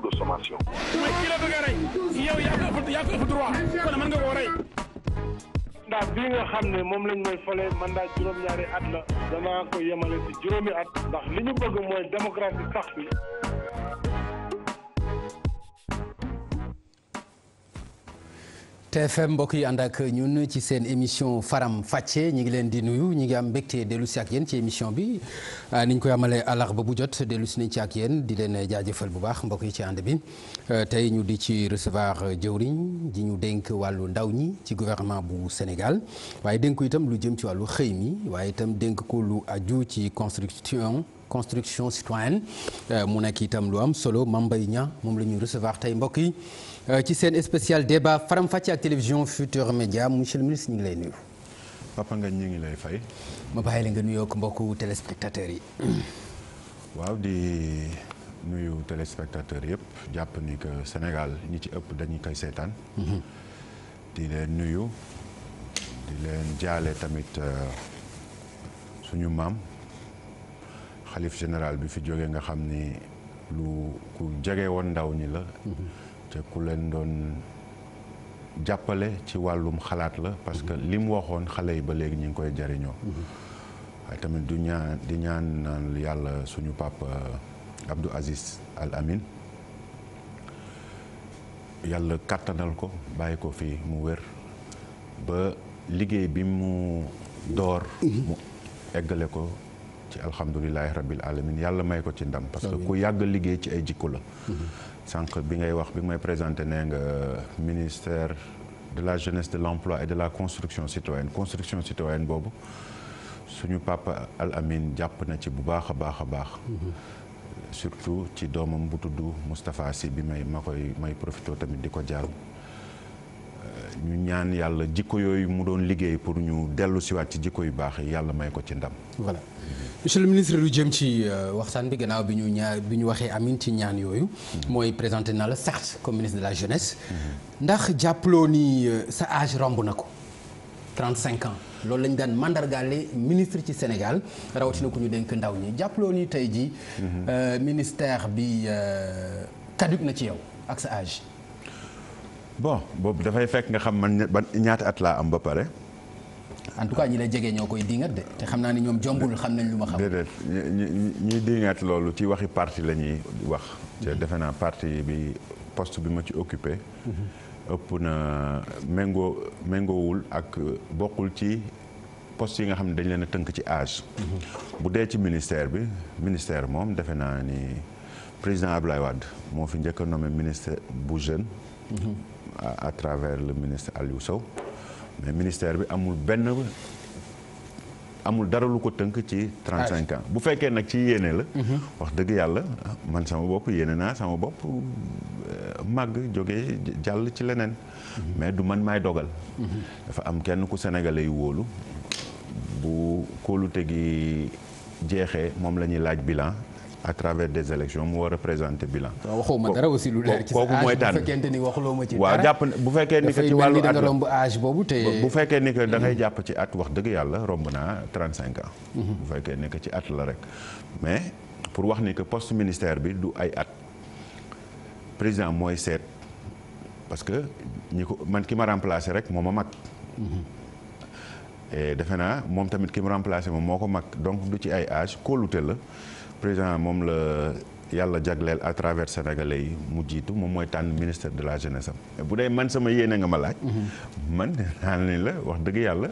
coup de sommation. mais ki la bëgg nga koo rey. mandat bi nga xam ne moom lañ may fale mandat juróom-ñaari at la danaa ko yemale ci juróomi at ndax li ñu bëgg mooy démocratie sax bi. TFM mbokk yi ànd ak ñun ci seen émission faram fàcce ñi ngi leen di nuyu ñi ngi am mbégte dellu si ak yéen ci émission bi ah, ni ñu koy amalee àllarba bu jot dellu si nañ ci ak yéen di leen jaajëfal bu baax mbokk yi ci ànd bi ah, tey ñu di ci recevoir jëwriñ ji ñu dénk wàllu ndaw ñi ci gouvernement bu Sénégal waaye dénk ko itam lu jëm ci wàllu xëy mi waaye itam dénk ko lu aju ci construction construction citoyenne ah, mu nekk itam lu am solo Mame Mbaye Niang moom la ñuy recevoir tey mbokk yi. Euh, ci seen spécial débat faram fàcce ak télévision Futur Média monsieur le ministre ñu ngi lay nuyu. papa nga ñu ngi lay fay. ma bàyyi la nga nuyoo ak mbokku téléspectateurs yi. waaw di nuyu téléspectateurs yëpp jàpp ni que Sénégal ñi ci ëpp dañu koy seetaan. Mhm. di leen nuyu di leen jaale tamit euh, suñu maam xalif général bi fi jógee nga xam ni lu ku jege woon ndaw ñi la. Mhm. te ku leen doon jàppale ci wàllum xalaat la parce que li waxoon xale yi ba léegi ñu ngi koy jariñoo waaye tamit du ñaan di ñaan yàlla suñu papa Abdou Aziz Al Amin yàlla kàttanal ko bàyyi ko fii mu wér ba liggéey bi mu door mu eggale ko ci alhamdulilahi rabbil alamin yàlla may ko ci ndam parce que ku yàgg liggéey ci ay jikko la sànq bi ngay wax bi may présenté nee nga euh, ministère de la jeunesse de l'emploi et de la construction citoyenne construction citoyenne boobu suñu papa Al Amin jàpp na ci bu baax a baax a baax. Mm-hmm. surtout ci doomam bu tudd Moustapha si bi may ma koy may profité tamit di ko jaar euh, ñu ñaan yàlla jikko yooyu mu doon liggéey pour ñu dellu siwaat ci jikko yu baax yi yàlla may ko ci ndam. monsieur lu jëm ci euh, waxtaan bi gannaaw bi ñu ñaar bi ñu waxee amin ci ñaan yooyu. Mhm. mooy présenté na la certes comme ministre de la jeunesse. Mhm. ndax jàppaloo nii euh, sa âge romb na ko. trent cinq ans loolu lañu daan mandargaale ministre ci Sénégal rawatina ku ñu dénk ndaw ñi jàppaloo nii tey jii. Mhm. Euh, ministère bi caduc na ci yow ak sa âge. bon boobu dafay fekk nga xam man ban ñaata at laa am ba pare. en cas ñi la jege ñoo koy dingat de te xam naa ni ñoom jombul xam nañ lu ma xam. déedéet ñi dingat loolu ci waxi parti la ñuy wax. Mhm. te defe naa parti bi post bi ma ci occupé. Mhm. ëpp na méngoo méngoowul ak euh, bokkul ci poste yi nga xam ne dañ leen a tënk ci âge. Mhm. bu dee ci ministère bi ministère moom defe naa ni président Ablaye Wade moo fi njëkk a ministre bu jeune. à travers le ministre Aliou Sow. mais ministère bi amul benn amul dara lu ko tënk ci 35 ans bu fekkee nag ci yéene la mhm. wax dëgg yàlla man sama bopp yéene naa sama bopp euh, màgg jóge jàll ci leneen mhm. mais du man may dogal mhm. dafa am kenn ku sénégalais yu wóolu bu kóolute gi jeexee moom la ñuy laaj bilan à travers des élections mu war a présenter bilan. waxoo aussi lu leer ci sa âge ni waxuloo ma ci dara waaw jàpp bu fekkee ni que ci wàllu at romb boobu te. bu fekkee ni que da jàpp ci at wax dëgg yàlla romb naa 35 ans. Mhm. bu fekkee nekk ci at la rek mais pour wax ni que poste ministère bi du ay at président mooy seet parce que ñi ko man ki ma remplacer rek moo ma mag. Mhm. defe naa moom tamit ki mu remplacé moom moo ko mag donc du ci ay age kóolute la. président moom la yàlla jagleel à travers sénégalais yi mu jiitu moom mooy tànn ministre de la jeunesse am bu dee man sama yéene nga ma laaj. Mhm. man naa ne la wax dëgg yàlla.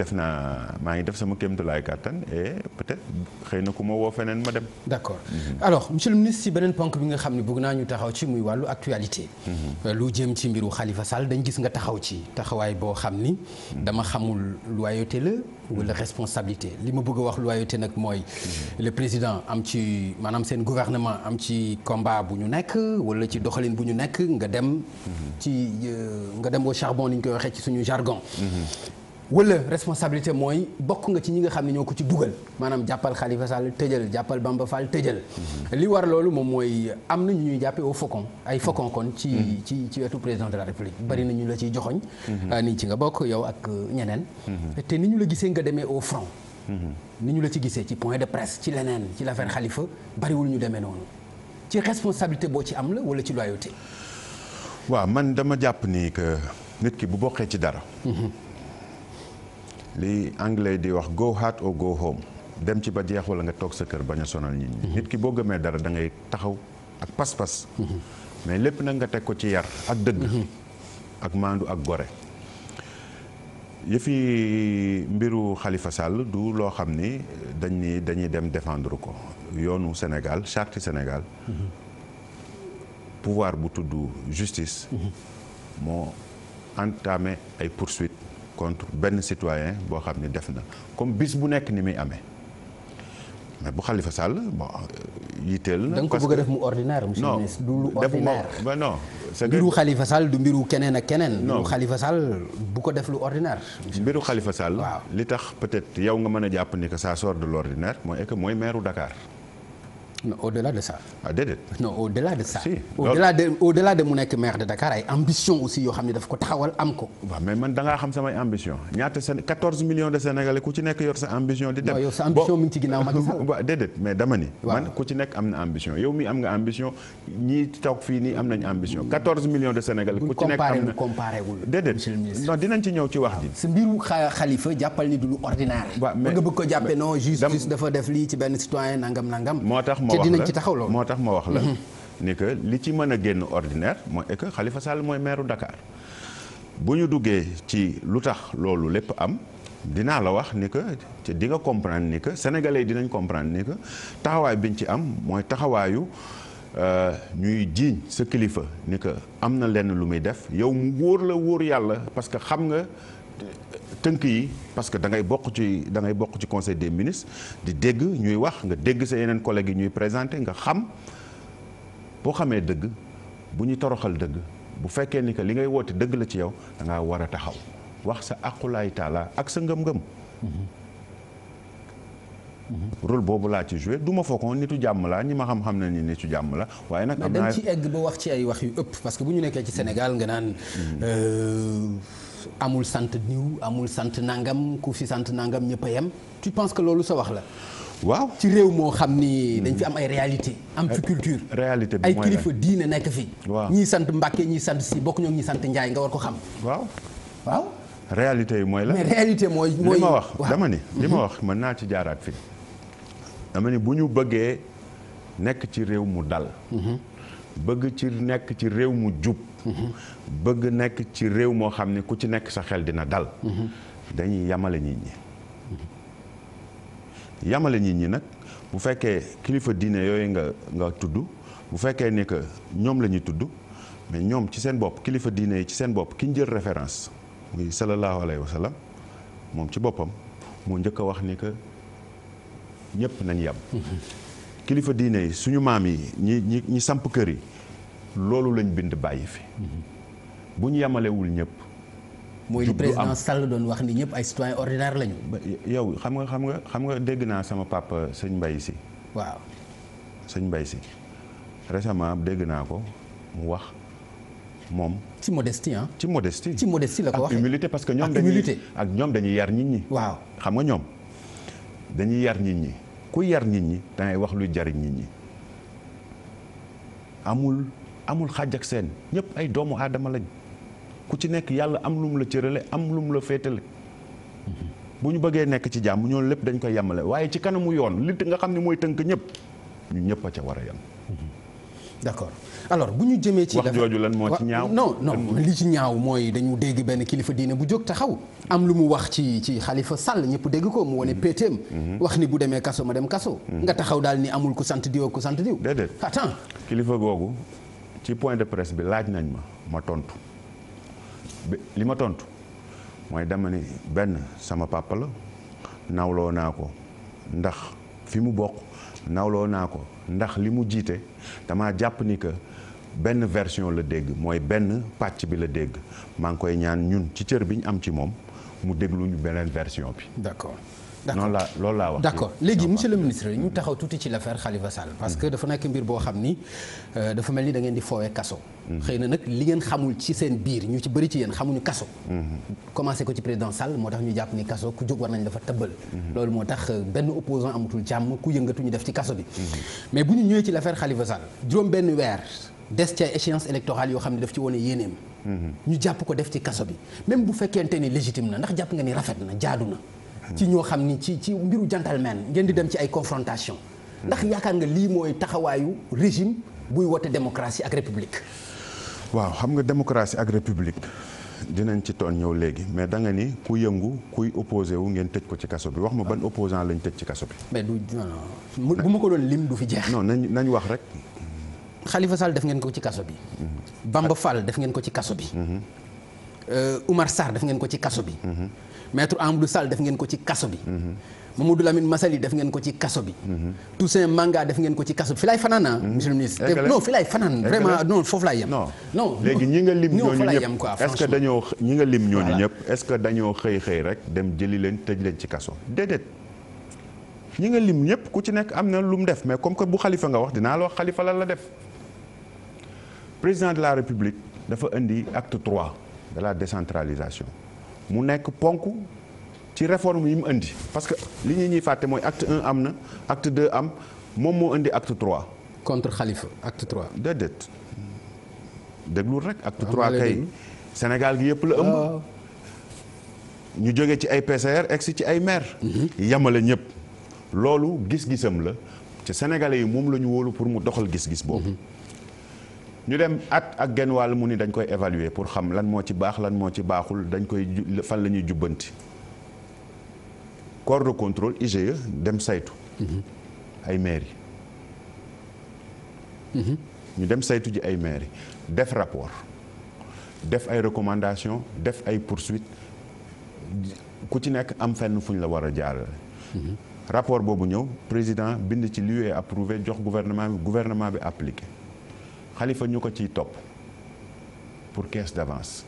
def naa maa ngi def sama kéemtulaay kàttan et peut-être xëy na ku ma woo feneen ma dem. d'accord alors monsieur ministre si beneen ponk bi nga xam ne bëgg naa ñu taxaw ci muy wàllu actualité. Mhm. lu jëm ci mbiru xalifa Sall dañ gis nga taxaw ci taxawaay boo xam ni. Mhm. dama xamul loyauté la wala mhm. responsabilité li ma bëgg a wax loyauté nag mooy. le président am ci maanaam seen gouvernement am ci combat bu ñu nekk wala ci doxalin bu ñu nekk nga dem. ci euh, nga dem au charbon ni ñu koy waxee ci suñu jargon. wala responsabilité mooy bokk nga ci ñi nga xam ne ñoo ko ci dugal maanaam jàppal Khalifa Sall tëjal jàppal Bamba Fall tëjal mhm. li war loolu moom mooy am na ñu ñuy jàppee au faucon ay faucon kon ci mhm. ci ci wetu président de la République mhm. bari na ñu la ciy joxoñ ah, ni ci nga bokk yow ak ñeneen te ni ñu la gisee nga demee au front ni ñu la ci gisee ci point de presse ci leneen ci l'affaire Khalifa bariwul ñu demee noonu ci responsabilité boo ci am la wala ci loyauté waaw man dama jàpp ni que nit ki bu bokkee ci dara li anglais di wax go hard or go home dem ci ba jeex wala nga toog sa kër bañ a sonal nit ñi. nit ki boo gëmee dara dangay ngay taxaw ak pas-pas. mais lépp nag nga teg ko ci yar ak dëgg. ak maandu ak gore. yëfi mbiru xalifa Sall du loo xam ni dañ ni dañuy dem défendre ko yoonu Sénégal charti Sénégal. pouvoir bu tudd justice. moo entamé ay poursuites. contre benn citoyen boo xam ne def na comme bis bu nekk ni muy amee mais bu Khalifa Sall bon euh, yitteel na. da ko bëgg a def mu ordinaire monsieur le ministre. du lu ordinaire non non. mbiru Khalifa Sall du mbiru keneen ak keneen. non mbiru Khalifa bu ko def lu ordinaire. mbiru Khalifa Sall. li tax peut-être yow nga mën a jàpp ni que ça sort de l'ordinaire mooy que mooy maire dakaar non au-delà de mais dama ni. man ku ci nekk am na ambition yow mi am nga ambition ñii toog fii nii am nañu ambition 14 millions dinañ ci ñëw ci wax ji. sa xalifa jàppal ni du lu ordinaire. waaw nga bëgg ko jàppee non juste dafa def lii ci benn citoyen nangam nangam moo tax ma wax la moo tax ma wax la mhm. ni que li ci mën a génn ordinaire mooy que Khalifa Sall mooy meeru Dakar bu ñu duggee ci lu tax loolu lépp am dinaa la wax ni que te di nga comprendre ni que sénégalais dinañ comprendre ni que taxawaay biñ ci am mooy taxawaayu euh, ñuy jiiñ sa kilifa ni que am na lenn lu muy def yow mu wóor la wóor yàlla parce xam nga. tënk yi parce que da ngay bokk ci da ngay ci conseil des ministre di dégg ñuy wax nga dégg sa yeneen collège yi ñuy présenté nga xam boo xamee dëgg bu ñu toroxal dëgg bu fekkee ni que li ngay woote dëgg la ci yow da ngaa war a taxaw wax sa aqulaay taala ak sa ngëm-ngëm. Mm-hmm. rôle boobu laa ci joué du ma foogoon nitu jàmm laa ñi ma xam-xam na ni nitu jàmm la waaye nag. am naa ci egg ba wax ci ay wax yu ëpp parce que bu ñu nekkee ci senegal nga naan. Mm-hmm. Euh, amul sant niw amul sant nangam ku fi sant nangam ñëpp a yem tu penses que loolu sa wax la. waaw ci réew moo xam ni. dañ fi am ay réalité am fi culture. réalité bi ay kilifa nekk fi. waaw ñii sant Mbàkke ñii sant si bokk ñoo ñii sant Njaay nga war ko xam. waaw waaw. réalité yi mooy la mais réalité mooy. mooy li ma wax dama ni. li ma mhm. wax mën naa ci jaaraat fii. dama ni bu ñu bëggee nekk ci réew mu dal. Mhm. bëgg ci nekk ci réew mu jub bëgg nekk ci réew moo xam ne ku ci nekk sa xel dina dal dañuy yamale nit ñi yamale nit ñi nag bu fekkee kilifa diine yooyu nga nga tudd bu fekkee ne que ñoom la ñuy tudd mais ñoom ci seen bopp kilifa diine yi ci seen bopp ki ñu jël référence muy sallallahu alayhi wa sallam moom ci boppam moo njëkk a wax ni que ñëpp nañ yem kilifa diine yi suñu maam yi ñi ñi ñi samp kër yi loolu lañ bind bàyyi fi bu ñu yemalewul ñëpp. mooy li président Sall doon wax ni ñëpp ay citoyen ordinaire lañu. yow xam nga xam nga xam nga dégg naa sama papa sëñ Mbaye si. waaw sëñ mbay si récemment dégg naa ko mu wax moom. ci modestie ah. ci modestie ci modestie la ko waxee ak humilité parce que ñoom dañuy ak ñoom dañuy yar nit ñi. waaw xam nga ñoom dañuy yar nit ñi. ku yar nit ñi dangay wax lu jariñ nit ñi amul amul xàjj seen ñëpp ay doomu aadama lañ ku ci nekk yàlla am lu mu la cërale am lu mu la féetale bu ñu bëggee nekk ci jàmm ñoom lépp dañ koy yemale waaye ci kanamu yoon li nga xam ne mooy tënk ñëpp ñu ñëpp a ca war a yem d'accord alors bu ñu jëmee ci. wax jooju lan moo ci ñaaw non non li ci ñaaw mooy dañu dégg benn kilifa diine bu jóg taxaw am lu mu wax ci ci xalifa Sall ñëpp dégg ko mu wane PTM. Mm-hmm. Mm-hmm. wax ni bu demee kaso ma dem kaso. Mm-hmm. nga taxaw daal ni amul ku sant diw ak ku sant diw. déedéet kilifa googu ci point de presse bi laaj nañ ma ma tontu li ma tontu mooy dama ni benn sama papa nawloo naa ko ndax fi mu bokk nawloo naa ko ndax li mu jiite damaa jàpp ni que. benn version la dégg mooy benn pàcc bi la dégg maa ngi koy ñaan ñun ci cër bi ñu am ci moom mu déglu ñu beneen version bi. d'accord. d'accord noonu laa loolu laa wax. d'accord léegi monsieur le ministre euh, ñu taxaw tuuti ci lafaire Khalifa Sall. parce que dafa nekk mbir boo xam ni euh, dafa mel ni dangeen di foowee kaso. Mm-hmm. xëy na nag li ngeen xamul ci seen biir ñu ci bëri ci yéen xamuñu kaso. Mm-hmm. commencé ko ci président Sall moo tax ñu jàpp ni kaso ku jóg war nañ dafa tëbbal. Mm-hmm. loolu moo tax euh, benn opposant amatul jàmm ku yëngatu def ci kaso bi. mais bu ñu ñëwee ci l'affaire Khalifa Sall juróom benn weer. des ci ay échéance électorale yoo xam ne daf ci wone yéeneem. ñu jàpp ko def ci kaso bi même bu fekkente ni légitime na ndax jàpp nga ni rafet na jaadu na. ci ñoo xam ni ci ci mbiru gentleman ngeen di dem ci ay confrontation ndax yaakaar nga lii mooy taxawaayu régime buy wote démocratie ak république. waaw xam nga démocratie ak république dinañ ci toon ñëw léegi mais da nga ni ku yëngu kuy opposé wu ngeen tëj ko ci kaso bi wax ma ban opposant lañ tëj ci kaso bi. mais du ma ko doon lim du fi jeex. non nañ nañ wax rek. Khalifa Sall def ngeen ko ci kaso bi. Bamba Fall def ngeen ko ci kaso bi. Euh, Oumar Sarr def ngeen ko ci kaso bi. maître Amadou Sall def ngeen ko ci kaso bi. Mamadou Lamine def ngeen ko ci kaso bi. Toussaint Manga def ngeen ko ci kaso bi fi laay fanaan ah. monsieur le ministre non fi laay fanaan vraiment non foofu laay yem. non léegi ñi nga lim ñooñu ñëpp quoi est-ce que dañoo ñi nga lim ñooñu ñëpp est dañoo xëy xëy rek dem jëli leen tëj leen ci kaso déedéet. ñi nga lim ñëpp ku ci nekk am na lu mu def mais comme que bu xalifa nga wax dinaa la wax xalifa la def. président de la république dafa indi acte trois de la décentralisation mu nekk ponk ci réforme yi mu indi parce que li ñu ñuy fàtte mooy acte un am na acte deux am moom moo indi acte trois. contre Khalifa acte trois. déedéet déglul rek. acte trois kay Sénégal gi yëpp la ëmb. ñu jóge ci ay PCR egsi ci ay maire mhm. yamale ñëpp loolu gis-gisam la ci sénégalais yi moom la ñu wóolu pour mu doxal gis-gis boobu. Mhm. ñu dem at ak genn wàll mu ni dañ koy évaluer pour xam lan moo ci baax lan moo ci baaxul dañ koy fan la ñuy jubbanti corps de contrôle IGE dem saytu mm-hmm. ay maires yi mm-hmm. ñu dem saytu ji ay maires yi def rapport def ay recommandations def ay poursuites ku ci nekk am fenn fu ñu la war a jaar jaarale mm-hmm. rapport boobu ñëw président bind ci lieu approuvé jox gouvernement bi gouvernement bi appliqué xalifa ñu ko ciy topp pour caisse d'avance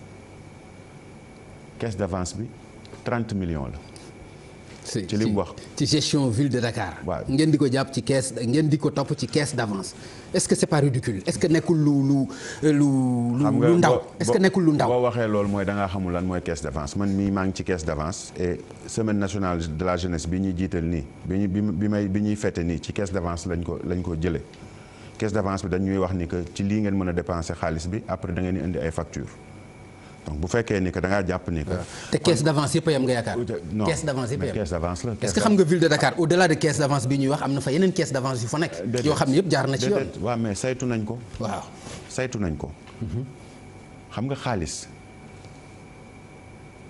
caisse d'avance bi 30 million la. ci li mu wax ci gestion ville de Dakar. waaw ngeen ko jàpp ci caisse ngeen di ko topp ci caisse d'avance est-ce que c'est pas ridicule est-ce que nekkul lu lu lu lu ndaw. est-ce que nekkul lu ndaw boo waxee lool mooy da ngaa xamul lan mooy caisse d'avance man mii maa ngi ci caisse d'avance. e semaine nationale de la jeunesse bi ñuy jiital nii bi ñu bi may bi ñuy fête nii ci caisse d'avance lañ ko lañ ko jëlee. caisse d'avance bi dañuy wax ni que ci lii ngeen mën a dépenser xaalis bi après da ngeen di indi ay facture donc bu fekkee ni que da jàpp ni que. Euh, te caisse d'avance yëpp a nga yaakaar. Euh, euh, non caisse d'avance yëpp a yem caisse d'avance la. est-ce que xam nga na ko. Mhm. xam nga xaalis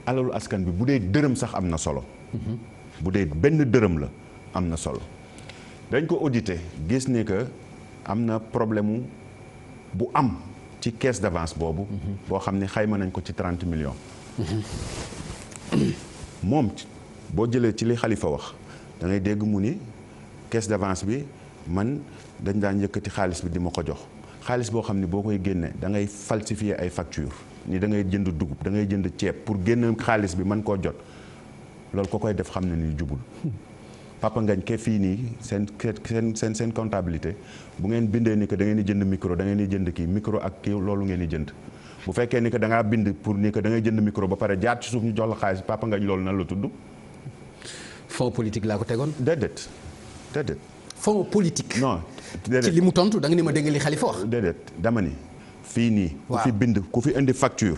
alalu askan bi bu dee dërëm sax am na solo. Mhm. bu dee benn dërëm la am na solo. dañ ko auditer gis ni que. am na problème mu bu am ci caisse d'avance boobu. boo xam ne xayma nañ ko ci trente million moom boo jëlee ci li xalifa wax dangay dégg mu ni caisse d'avance bi man dañ daan yëkkati xaalis bi di ma ko jox xaalis boo xam ne boo koy génnee da ngay falsifier ay facture ni da ngay jënd dugub da ngay jënd ceeb pour génne xaalis bi man koo jot loolu ko koy def xam ne ni jubul. Papa Ngañ ke fii nii seen seen seen seen comptabilité bu ngeen bindee ni que da ngeen di jënd micro dangeen ngeen di jënd kii micro ak kii loolu ngeen di jënd bu fekkee ni que da ngaa bind pour ni que da ngay jënd micro ba pare jaar ci suuf ñu jox la xaalis Papa Ngañ loolu nan la tudd. fond politique laa ko tegoon. déedéet déedéet. fond politique. non déedéet ci li mu tontu da nga ne ma dégg li Xalifa wax. déedéet dama ni. fii nii. ku fi bind ku fi indi facture.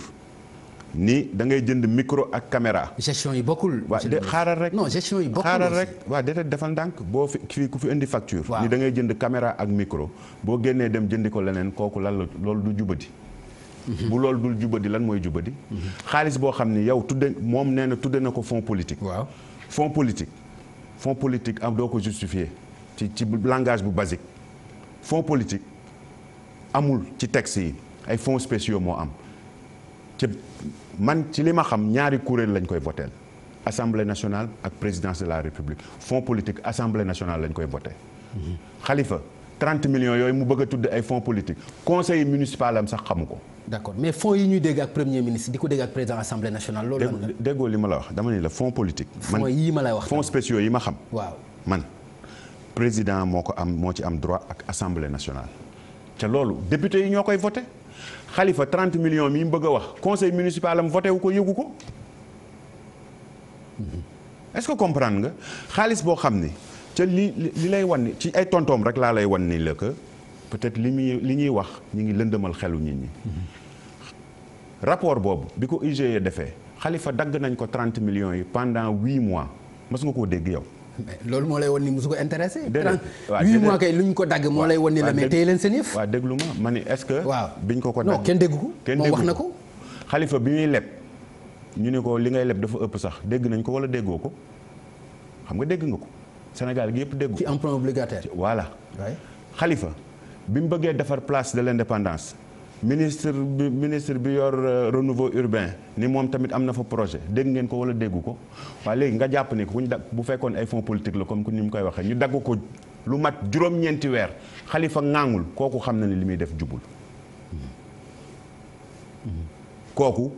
ni da ngay jënd micro ak caméra. gestion yi bokkul. waa de xaaral rek non gestion yi bokkul xaaral rek waa déedéet defal ndànk boo fi ku fi indi facture. ni da ngay jënd caméra ak micro boo génnee dem jëndi ko leneen kooku lan la loolu du jubadi. Mhm. bu loolu dul jubadi lan mooy jubadi. Mhm. xaalis boo xam ni yow tudde moom nee na tudde na ko fonds politique. waaw fonds politique. fonds politique am doo ko justifier ci ci langage bu basique fonds politique amul ci texte yi ay fonds spéciaux moo am. man ci li ma xam ñaari kuréel lañ koy voté assemblée nationale ak présidence de la république fonds politique assemblée nationale lañ koy voté. xalifa 30 millions yooyu mu bëgg a tudd ay fonds politique conseil municipal am sax xamu ko. d'accord mais fonds yi ñuy dégg ak premier ministre di ko dégg ak président assemblée nationale. loolu lan la déggoo li ma la wax dama ne la fonds politique. fonds yii ma lay wax fonds spéciaux yi ma xam. waaw man président moo ko am moo ci am droit ak assemblée nationale. xalifa 30 millions mi mu bëgg a wax conseil municipal am voté wu ko yëgu ko est-ce que comprendre nga xaalis boo xam ni ca li li lay wan ci ay tontoom rek laa lay wan ni la peut-être li mu li ñuy wax ñu ngi lëndëmal xelu nit ñi. rapport boobu bi ko IGE defee xalifa dagg nañ ko 30 millions yi pendant 8 mois mas nga koo dégg yow. loolu moo lay wan ni mosu ko intéressé. déedéet waaw huit mois kay lu ñu ko dagg moo lay wan ni la te téye leen seen yëf. waaw déglu ma ma ni est-ce que. waaw biñ ko ko dagg non kenn dégg ko. kenn dégg ko na ko. xalifa bi muy leb ñu ne ko li ngay leb dafa ëpp sax dégg nañ ko wala déggoo ko xam nga dégg nga ko Sénégal gi yëpp dégg ko. ci emprunt obligataire. voilà xalifa bi mu bëggee defar place de l'indépendance ministre bi ministre bi yor euh, renouveau urbain ni moom tamit am na fa projet dégg ngeen ko wala dégg ko waaye léegi nga jàpp ni ku ñu dagg bu fekkoon ay fonds politique la comme ni mu koy waxee ñu dagg ko lu mat juróom-ñeenti weer xalifa ŋaangul kooku xam na ni li muy def jubul kooku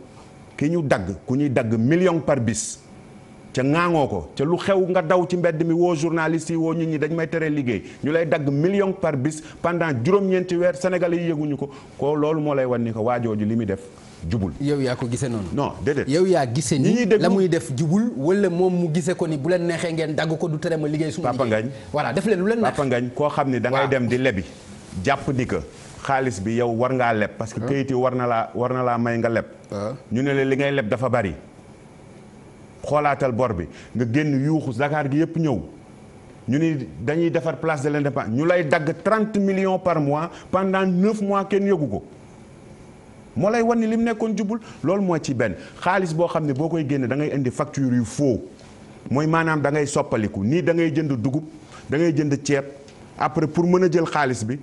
ki ñu dagg ku ñuy dagg million par bis ca naangoo ko ca lu xew nga daw ci mbedd mi woo journaliste yi woo ñu ñi dañ may tere liggéey ñu lay dagg million par bis pendant juróom-ñeenti weer sénégalais yi yëguñu ko ko loolu moo lay wan ni ko waajooju li muy def jubul yow yaa ko gisee noonu. non déedéet yow yaa gisee ni la muy def jubul wala moom mu gisee ko ni bu leen neexee ngeen dagg ko du tere ma liggéey suñu papa ngañ voilà def leen lu leen neex papa ngañ koo xam ni da dem di lebi jàpp ni que xaalis bi yow war ngaa leb parce que ah. kayit yi war na laa war na laa may nga leb ah. ñu ne la li ngay leb dafa bari xoolaatal bor bi nga génn yuuxu Dakar gi yëpp ñëw ñu ni dañuy defar place de l'indépendance ñu lay dagg trente million par mois pendant 9 mois kenn yëgu ko moo lay wan ni li mu nekkoon jubul loolu mooy ci benn xaalis boo xam ne boo koy génne dangay indi facture yu faux mooy maanaam da ngay soppaliku nii da ngay jënd dugub dangay jënd ceeb après pour mën a jël xaalis bi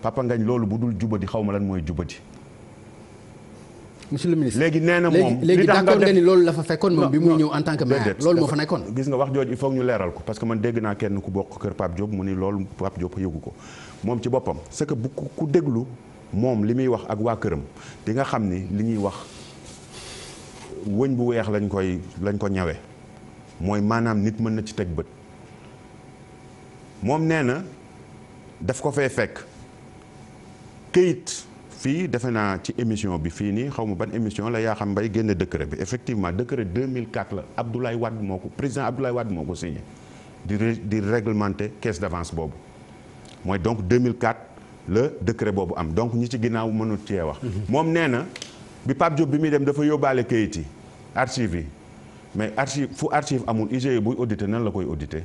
papa ngañ loolu bu dul jubadi xaw ma lan mooy jubadi monsieur le ministre léegi nee na moom léegi d'accord nga ni loolu la fa fekkoon moom bi muy ñëw en tant que maire loolu moo fa nekkoon gis nga wax jooju il faut ñu leeral ko parce que man dégg naa kenn ku bokk kër Pape Diop mu ni loolu Pape Diop yëgu ko moom ci boppam c'est que bu ku déglu moom li muy wax ak waa këram di nga xam ni li ñuy wax wëñ bu weex lañ koy lañ ko ñawee mooy maanaam nit mën na ci teg bët moom nee na daf ko fay fekk këyit fii defe naa ci émission bi fii nii xaw ma ban émission la yaa xam mbay génn décret bi effectivement décret 2004 la Abdoulaye Wade moo ko président Abdoulaye Wade moo ko signé di di réglementer caisse d'avance boobu mooy donc deux mille 2004 la décret boobu am donc ñi ci ginnaaw mënul cee wax. Mhm. moom nee na bi Pape Diop bi muy dem dafa yóbbaale kayit yi archive yi mais archive fu archive amul IGE buy audité nan la koy audité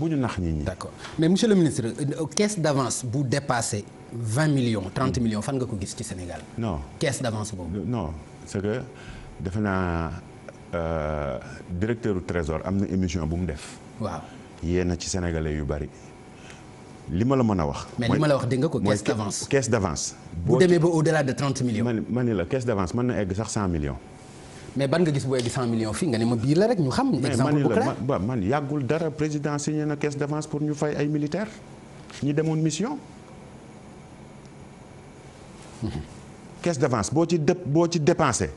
bu ñu nax nit ñi. d'accord mais monsieur le ministre euh, caisse d'avance bu dépassé vingt millions trente millions fan nga ko gis ci Sénégal. non caisse d'avance boobu. Euh, non que defe naa euh, directeur du trésor am na bu mu def. waaw yéen a ci sénégalais yu bari. li ma la mën a wax. mais li ma la wax dégg ko caisse d'avance. caisse d'avance. bu trente millions. ma ni la caisse d'avance mën na egg sax cent mais ban nga gis booy di 100 millions fii nga ne ma bii la rek ñu xam. exemple bu clair mais man yàggul dara président signé na caisse d'avance pour ñu fay ay militaires ñi demoon mission. Mhm. caisse d'avance boo ci dé boo ci dépensé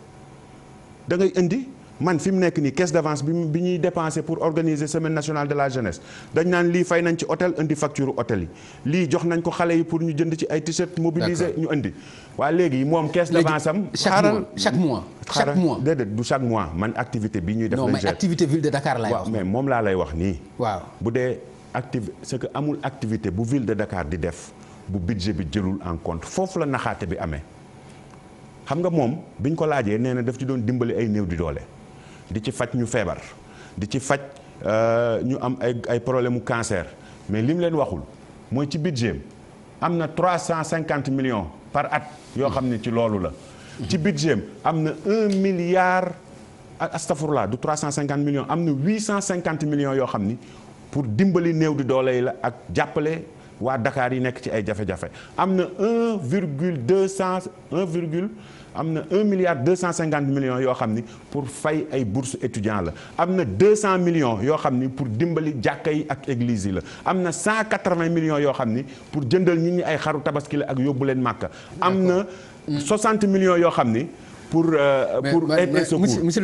da ngay indi. man fi mu nekk nii caisse d'avance bi bi ñuy dépensé pour organiser semaine nationale de la jeunesse dañ naan lii fay nañ ci hôtel indi facture hôtel yi lii jox nañ ko xale yi pour ñu jënd ci ay t-shirt mobiliser ñu indi waa léegi moom caisse d'avance am xaaral chaque mois chaque mois déedéet du chaque mois man activité bi ñuy def non mais activité ville de Dakar mais moom laa lay wax nii waaw bu dee active ce que amul activité bu ville de Dakar di def bu budget bi jëlul en contre foofu la naxaate bi amee xam nga moom biñ ko laajee nee na daf ci doon dimbali ay néew di doole di ci faj ñu feebar di ci faj euh, ñu am ay ay problème mu cancer mais li leen waxul mooy ci budget am na cent cinquante millions par at yoo xam ne ci loolu la. ci budget am na 1 milliard astafurla du cinquante million am na cinquante million yoo xam ni pour dimbali néew di doole yi la ak jàppale waa Dakar yi nekk ci ay jafe-jafe am na 1 virgule cent un virgule. am na un milliard deux cent cinquante millions yoo xam ni pour fay ay bourse étudiant la am na deux cent millions yoo xam ni pour dimbali jàkka yi ak église yi la am na cent quatre-vingts millions yoo xam ni pour jëndal nit ñi ay xaru tabaski la ak yóbbu leen màkka am na soixante millions yoo xam ni pour euh, pour aider ministre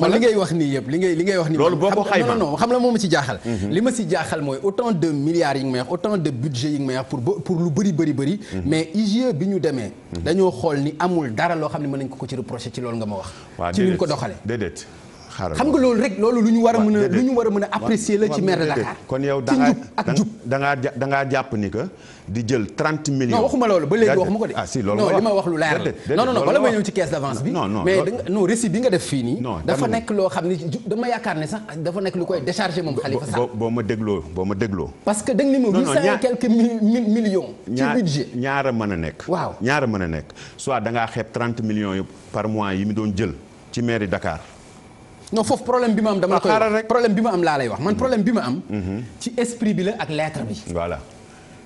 man li ngay wax nii yëpp li ngay li ngay wax nii loolu boo ko xayma non non xam la moo ma ci jaaxal mhm. li ma ci jaaxal mooy autant de milliards yi nga may wax autant de budget yi nga may wax pour lu bëri bëri bëri mhm. mais IGE bi ñu demee mhm. dañoo xool ni amul dara loo xam ne mën nañ ko ko ci reproché ci loolu nga ma wax ci ñu ko doxale xam nga loolu rek loolu lu ñu war a mën a lu ñu war a mën a apprécier la ci maire de Dakar kon yow da ngaa jàpp ni que di jël trente millions. non waxuma loolu ba léegi waxuma ko de. ah li ma wax lu leer la non non non bala ma ñëw ci caisse d'avance bi. non non mais non récit bi nga def fii nii. dafa nekk loo xam ne dama yaakaar ne sax dafa mën a nekk. waaw mën a nekk soit da ngaa xeeb trente millions par mois yi mu doon jël ci mairie Dakar. non foofu problème bi ma ah, problème bi ma am laa lay wax man mhm. problème bi ma am. Mhm. ci esprit bi la ak lettre bi.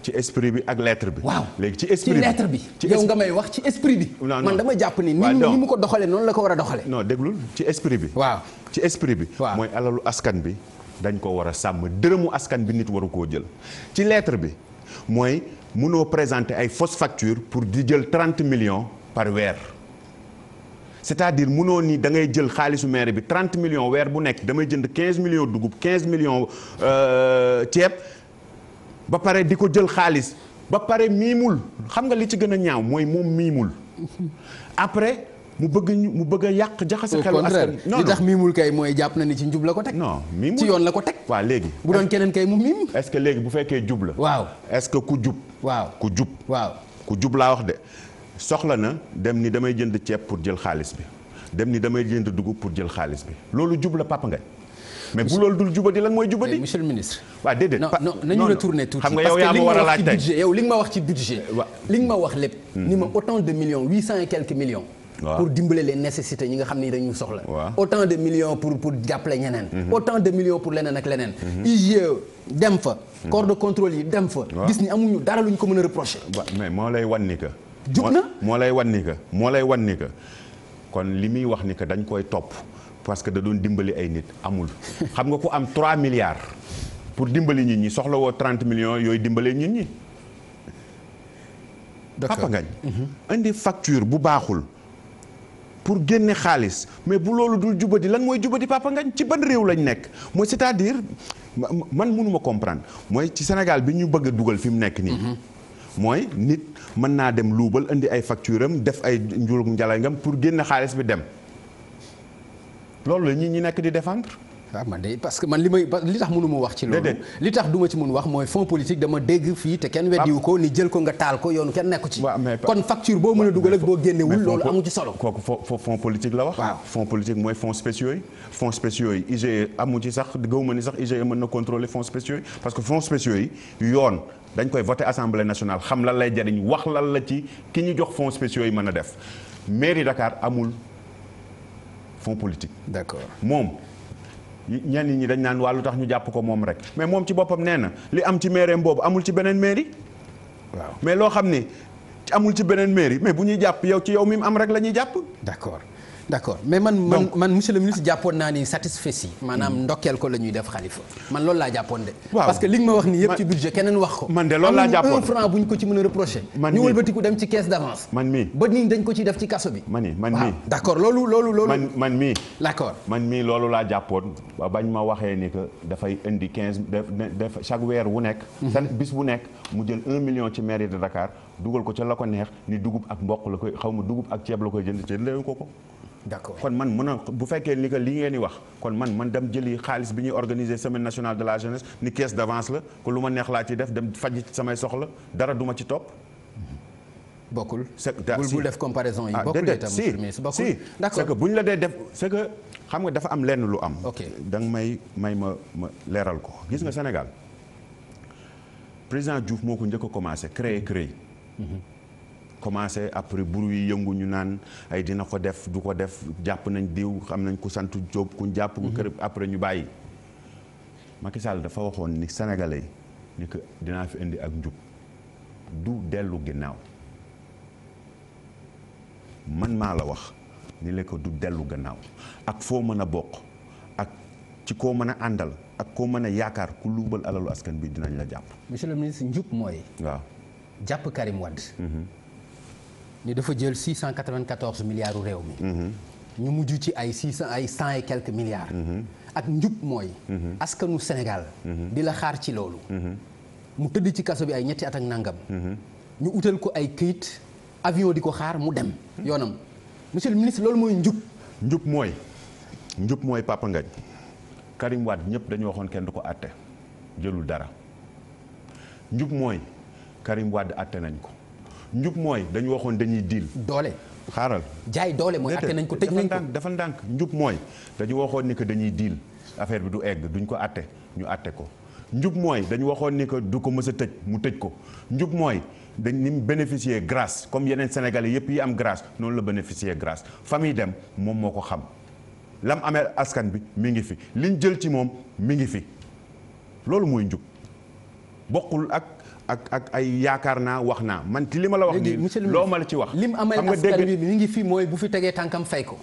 ci esprit bi ak lettre bi. waaw léegi ci esprit bi ci lettre yow nga may wax ci esprit bi. man dama jàpp ni ni ni mu ko doxalee noonu la ko war a doxalee. non déglul ci esprit bi. waaw ci esprit bi. mooy alalu askan bi dañ ko war a sàmm dërëmu askan bi nit waru koo jël. ci lettre bi mooy mënoo présenter ay fausse facture pour di jël trente million par weer. c'est-à-dire mënoo nii dangay jël xaalisu maire bi 30 million weer bu nekk damay jënd quinze millions dugub 15 millions euh, ceeb ba pare di ko jël xaalis ba pare miimul xam nga li ci gën a ñaaw mooy moom miimul après mu bëgg mu bëgg a yàq jaxase xelu askan li tax miimul kay mooy jàpp na ni ci njub la ko teg non miimul ci yoon la ko teg waaw léegi bu doon keneen kay mu miim est-ce que léegi bu fekkee jub la waaw est-ce que ku jub waaw ku jub waaw ku jub laa wax de soxla na dem ni damay jënd ceeb pour jël xaalis bi dem ni damay jënd dugub pour jël xaalis bi loolu jub la papa nga mais bu loolu dul jubadi lan mooy jubadi. monsieur le ministre. waaw déedéet non non nañu retourner tuuti. xam a laaj tey parce que yow li nga ma wax ci budget eh, li nga hmm. ni ma autant de millions pour dimbale les nécessités ñi nga xam ni dañu soxla. autant de millions pour pour jàppale ñeneen. Hmm. autant de millions pour leneen ak leneen. Hmm. E dem fa. corps de contrôle yi dem fa. gis ni amuñu dara luñ ko mën a reprocher. mais moo lay wan ni que. na moo lay wan ni moo lay wan ni que kon li muy wax ni que dañ koy topp. parce que da doon dimbali ay nit amul xam nga ko am 3 milliards pour dimbali nit ñi soxla woo 30 millions yooyu dimbalee nit ñi papa indi facture bu baaxul pour génne xaalis mais bu loolu dul juba jubadi lan mooy jubadi papa ngañ ci ban réew lañ nekk mooy cest à diir man mënuma comprendre mooy ci Sénégal bi ñu bëgg a dugal fi mu nekk nii mooy nit mën naa dem luubal indi ay facture am def ay njurug njalangam pour génne xaalis bi dem loolu la ñi ñi nekk di défendre. waaw ah, man de parce que man li may li tax mënu ma wax ci loolu li tax duma ci mun wax mooy fonds politique dama dégg fii te kenn weddiwu ah. ko ni jël ko nga taal ko yoonu kenn nekku ci kon facture boo mën a dugal ak boo génnewul loolu amu ci solo kooku fo fonds politique la wax waaw fonds politique mooy fonds spéciaux yi fonds spéciaux yi IGE amu ci sax gëw ma ni sax IGE mën na contrôler fonds spéciaux yi parce que fonds spéciaux yi yoon dañ koy voter assemblée nationale xam lan lay jariñ wax lan la ci ki ñu jox fonds spéciaux yi mën a def mairie Dakar amul fonds politique. d'accord moom ñenn ñi dañ naan wàllu tax ñu jàpp ko moom rek mais moom ci boppam nee na li am ci mairie boobu amul ci beneen mairie. waaw mais loo xam ni amul ci beneen mairie mais bu ñuy jàpp yow ci yow mi mu am rek la ñuy jàpp. d'accord. d'accord mais man man man monsieur le ministre jàppoon naa ni satisfait si maanaam ndokkeel ko la ñuy def xalifa man loolu laa jàppoon de parce que li nga ma wax nii yëpp ci budget keneen wax ko man de loolu laa jàppoon bu ko ci mën a reproché ñu wëlbatiku dem nii ko ciy def ci kaso bi man mii man mii d'accord loolu loolu loolu man man mii d'accord man mii loolu laa jàppoon ba ma waxee ni que dafay indi quinze def chaque weer wu nekk mhm. bis bu nekk mu jël un million ci mairie de Dakar dugal ko ca la ko neex ni dugub ak mboq la koy xaw ma dugub ak ceeb la koy jënd ci léewu ko ko d'accord kon man mun a bu fekkee ni que li ngeen di wax kon man man dem jëli xaalis bi ñuy organiser semaine nationale de la jeunesse ni caisse d'avance la ku lu ma neex laa ci def dem faj samay soxla dara duma ci topp. bokkul bu def comparaison yi. Ah, bokkul itam si si c'est que bu ñu la dee def c'est que xam nga dafa am lenn lu am. ok da may may ma ma leeral ko gis nga Sénégal président Diouf moo ko njëkk a commencé créer créer. Mm-hmm. commencé après buru yi yëngu ñu naan ay dina ko def du ko def jàpp nañ diw xam nañ ku sant Jóob kuñ jàpp ku mhm. kër après ñu bàyyi Macky dafa waxoon ni senegale ni que dinaa fi indi ak njub du dellu ginnaaw man maa la wax ni la du dellu gannaaw ak foo mën a bokk ak ci koo mën a àndal ak koo mën a yaakaar ku luubal alalu askan bi dinañ la jàpp. monsieur le ministre njub mooy. waaw jàpp Karim Wade. Mhm. ni dafa jël 694 milliards réew mi. ñu mujj ci ay six ay cent et quelques milliards. ak njub mooy. askanu Sénégal. di la xaar ci loolu. mu tëdd ci kaso bi ay ñetti at ak nangam. ñu utal ko ay këyit avion di ko xaar mu dem yoonam monsieur le ministre loolu mooy njub. njub mooy njub mooy Papa Ngagne Karim ñëpp dañu waxoon kenn du ko àtte jëlul dara njub mooy Karim Wade àtte nañ ko. njub mooy dañu waxoon dañuy diil. doole xaaral. jaay doole mooy atte nañ ko tëj nañ ko dafa ndànk njub mooy dañu waxoon ni que dañuy diil affaire bi du egg duñ ko atte ñu àtte ko. njub mooy dañu waxoon ni que du ko mës a tëj mu tëj ko njub mooy dañ ni mu bénéficier grâce comme yeneen sénégalais yëpp yi am grâce noonu la bénéficier grâce famille dem moom moo ko xam lam amee askan bi mi ngi fi liñ jël ci moom mi ngi fi loolu mooy njub. bokkul ak ak ak ay yaakaar naa wax naa man ti li ma la wax nii loo ma la ci wax. lim amal askan wi mi ngi fi mooy bu fi tegee tànkam fay ko.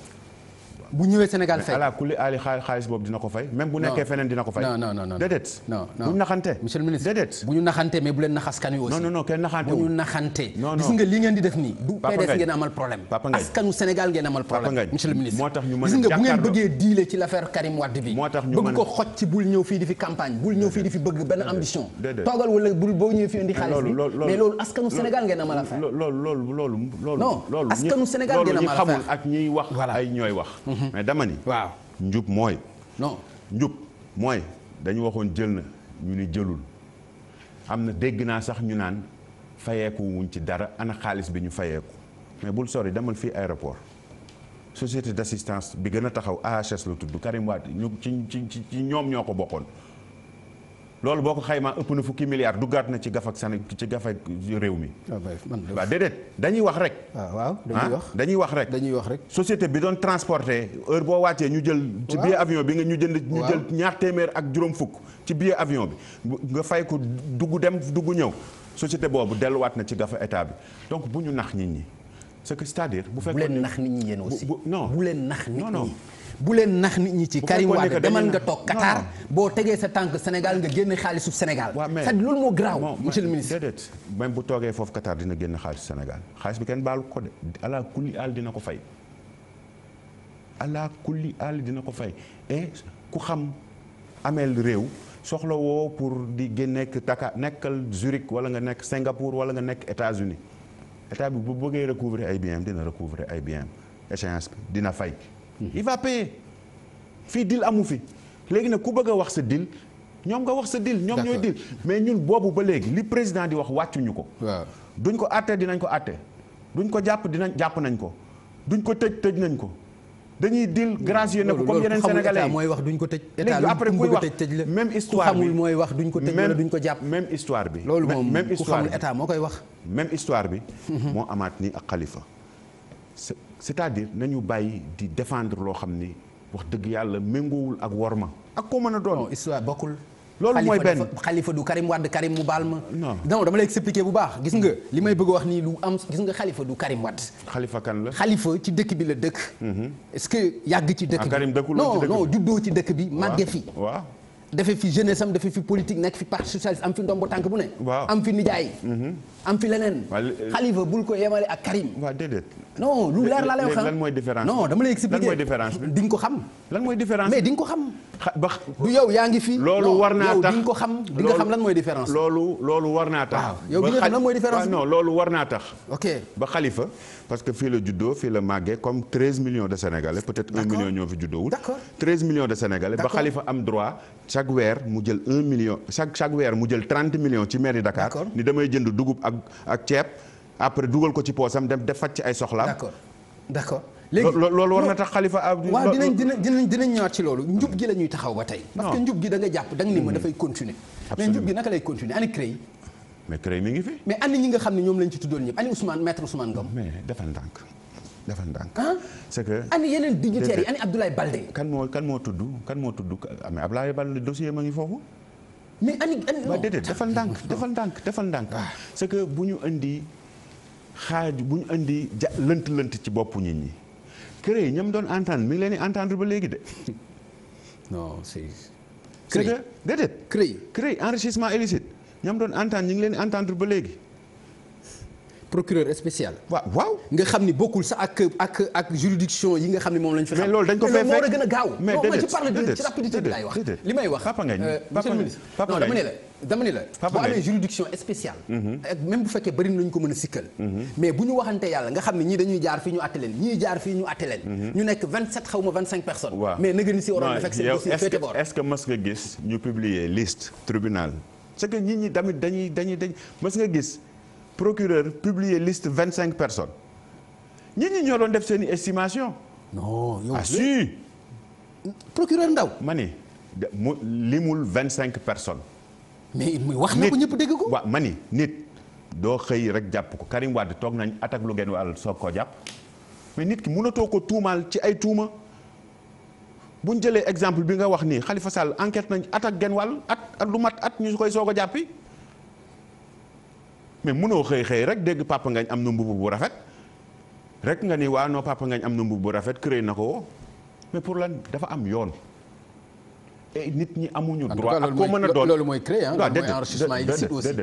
bu ñëwee Sénégal fay ala kulli aali xaalis boobu dina ko fay. même bu nekkee feneen dina ko fay. non non non déedéet. non non bu ñu naxante. monsieur le ministre déedéet. bu ñu naxante mais bu leen naxaskan yi aussi. non non non kenn naxante bu ñu naxante. non non gis nga li ngeen di def nii. du PDS ngeen amal problème. Papa Ngagne askanu Sénégal ngeen amal problème. monsieur le ministre moo tax ñu mën a gis nga bu ngeen bëggee diile ci l'affaire Karim Wade bi. moo tax ñu mën a bëgg ko xoj ci bul ñëw fii di fi campagne bul ñëw fii di fi bëgg benn ambition. toogal wala bul boo ñëwee fii indi xaalis bi mais loolu askanu Sénégal ngeen amal affaire. loolu loolu loolu loolu. non askanu Sénégal ngeen amal affaire loolu ñi xamul ak ñiy wax ay ñooy wax mhm. Mhm. mais dama ni. waaw njub mooy. non njub mooy dañu waxoon jël na ñu ni jëlul am na dégg naa sax ñu naan fayeeku wuñ ci dara ana xaalis bi ñu fayeeku mais bul sori demal fii aéroport société d'assistance bi gën a taxaw AHS la tudd Karim Wade ñu ci ci ci ñoom ñoo ko bokkoon. loolu boo ko xaymaa ëpp na fukki milliards duggaat na ci gafak san ci gafak réew mi. waaw ah, déedéet dañuy wax rek. Ah, waaw dañuy ah, wax dañuy wax rek. dañuy wax rek société bi doon transporter heure boo wàccee ñu jël. ci biir avion bi nga ñu jënd. ñu jël ñaar téeméer ak juróom fukk ci biir avion bi nga fay ko dugg dem dugg ñëw société boobu delluwaat na ci gafa état bi donc bu ñu nax nit ñi c'est que cest bu fekkoon bu leen nax nit ñi yéen aussi. non bu leen nax nit ñi. bu leen nax nit ñi ci Karim Wade demal nga toog Qatar boo tegee sa tànk Sénégal nga génne xaalisu Sénégal c'est-à-dire loolu moo graaw monsieur le ministre déedéet bu toogee foofu Qatar dina génn xaalisu Sénégal xaalis bi kenn baalu ko de ala kulli àll dina ko fay ala àll dina ko fay ku xam ameel réew soxla woo pour di nekk taka nekkal Zurich wala nga nekk Singapour wala nga nekk États-Unis état bi bu bëggee recouvrer ay biens dina recouvrer ay biens échéance bi dina fay Mm-hmm. il va payer fii dil amu fi léegi nag ku bëgg a wax sa dil ñoom nga wax sa dil ñoom ñooy dil mais ñun boobu ba léegi li président di wax wàccuñu ko duñ ko àtte dinañ ko àtte duñ ko jàpp dinañ jàpp nañ ko duñ ko tëj tëj nañ ko dañuy dil gracier na ko comme yeneen sénégalais yi mooy wax duñ ko tëj léegi après kuy wax même histoire bi mooy wax duñ ko tëj wala duñ ko jàpp même histoire bi loolu moom même histoire état moo koy wax même histoire bi mm-hmm. moo amaat nii ak xalifa c'est-à-dire nañu bàyyi di défendre loo xam ni wax dëgg yàlla méngoowul ak worma. ak koo mën a doon non histoire bokkul. loolu mooy benn xalifa du Karim Wade Karim mu baal ma. non non dama lay expliquer bu baax gis nga li may bëgg wax nii lu am gis nga xalifa du Karim Wade. xalifa kan la xalifa ci dëkk bi la dëkk. Mhm. est-ce que yàgg ci dëkk bi ah, Karim dëkkul non non juddoo ci dëkk bi. màggee fi waaw dafa fi jeunesse am dafa fi politique nekk fi parti socialiste am fi ndombo tànk bu ne. am fi nijaay. Mhm. am fi leneen. xalifa euh, bul ko yemale ak Karim. waaw déedéet. non lu leer la ah. mooy différence non dama lay expliquer lan mooy bi di nga ko xam. lan mooy différence mais di nga ko xam. ba yow yaa ngi fi. loolu war naa tax di xam di nga xam lan mooy différence. loolu loolu war naa tax. yow di nga xam lan mooy loolu war naa tax. ok ba xalifa parce que fii la juddoo fii la màggee comme 13 millions de sénégalais peut-être 1 million ñoo fi juddoo wul. d'accord 13 millions de sénégalais ba xalifa am droit chaque weer mu jël 1 million chaque chaque weer mu jël 30 millions ci mairie Dakar. ni damay jënd dugub ak ak ceeb. après dugal ko ci poosam dem def faj ci ay soxlaam. d'accord d'accord léegi loolu war na tax xalifa Abdou. waaw dinañ dinañ dinañ ñëwaat ci loolu. njub gi la ñuy taxaw ba tey. parce que njub gi da nga jàpp da nga ni ma hmm. dafay continuer. mais njub gi naka lay continuer ani CREI. mais CREI mi ngi fi. mais ani ñi nga xam ne ñoom lañ ci tuddoon ñëpp ani Ousmane maître Ousmane Ngom. mais defal ndànk defal ndànk. c'est que ani yeneen dignitaires yi ani Abdoulaye Baldé. kan moo kan moo tudd kan moo tudd mais Abdoulaye Baldé dossier ngi foofu. mais ani ani. non déedéet defal ndànk defal ndànk defal ndànk ah. c'est que bu ñu indi xaaju bu ñu indi ja lënt-lënt ci boppu nit ñi kër yi ñam doon entendre mi ngi leen di entendre ba léegi de. non c'est. c'est que déedéet. CREI CREI enrichissement illicite ñam doon entendre ñu ngi leen di entendre ba léegi. procureur spécial. waaw waaw. nga xam ni bokkul sax ak ak ak juridiction yi nga xam ni moom lañ fi. xam loolu dañ ko fay a a gaaw. mais la. dama ni la bu amee juridiction spéciale mm-hmm. ak même bu fekkee bëri nañu ko mën a sikkal mm-hmm. mais bu ñu waxante yàlla nga xam ne ñii dañuy jaar fii ñu àtte leen ñii jaar mm-hmm. ñu nekk 27 xaw ma 25 personnes waaw mais na gën si waroon na fekk ñi tamit dañuy dañuy dañ mas nga gis procureur publier liste 25 personnes nit ñi ñoo doon def seen i estimation non yow ah si procureur Ndaw ma ni mu limul cinq personnes mais muy wax na ko ñëpp dégg ko. waaw mani nit doo xëy rek jàpp ko Karim Wade toog nañ attaque lu genn wàll soog koo jàpp mais nit ki mënatoo ko tuumaal ci ay tuuma bu ñu jëlee exemple bi nga wax nii Khalifa Sall enquête nañ attaque genn wàll at at lu mat at ñu koy soog a jàppi mais mënoo xëy xëy rek dégg Papa Ngagne am na mbubu bu rafet rek nga ni waa non Papa Ngagne am na mbubu bu rafet créé na ko mais pour lan dafa am yoon. nit ñi amuñu droit ak koo mën a doon loolu mooy créé ah loolu mooy enrichissement illicite aussi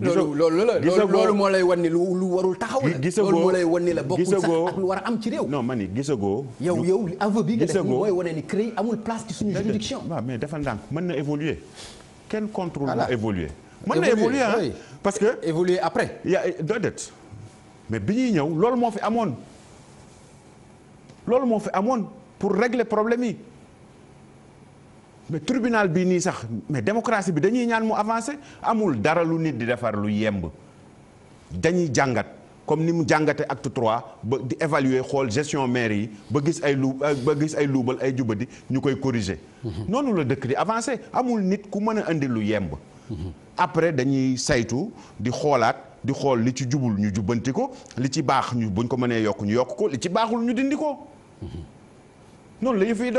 loolu loolu la loolu moo lay wan ni lu warul taxaw la loolu moo lay wan ni la bokkul sax ak lu war a am ci réew non man ni gisagoo yow yow aveu bi nga def ni mooy wane ni créé amul place ci suñu juridiction waaw mais dafa ndànk mën na évoluer kenn contrôle na évoluer mën na évoluer ah parce que évoluer après ya déedéet mais bi ñuy ñëw loolu moo fi amoon loolu moo fi amoon pour régler problème yi mais tribunal bii nii sax mais démocratie bi dañuy ñaan mu avancé amul dara lu nit di defar lu yemb dañuy jàngat comme ni mu jàngate acte trois ba di évaluer xool gestion maire yi ba gis ay euh, gis ay luubal ay jubadi ñu koy corriger mhm. noonu la dëkk di avancé amul nit ku mën a indi lu yemb mhm. après dañuy saytu di xoolaat di xool li ci jubul ñu jubbanti ko li ci baax ñu buñ ko mënee yokk ñu yokk ko li ci baaxul ñu dindi ko mhm. noonu la yëf yi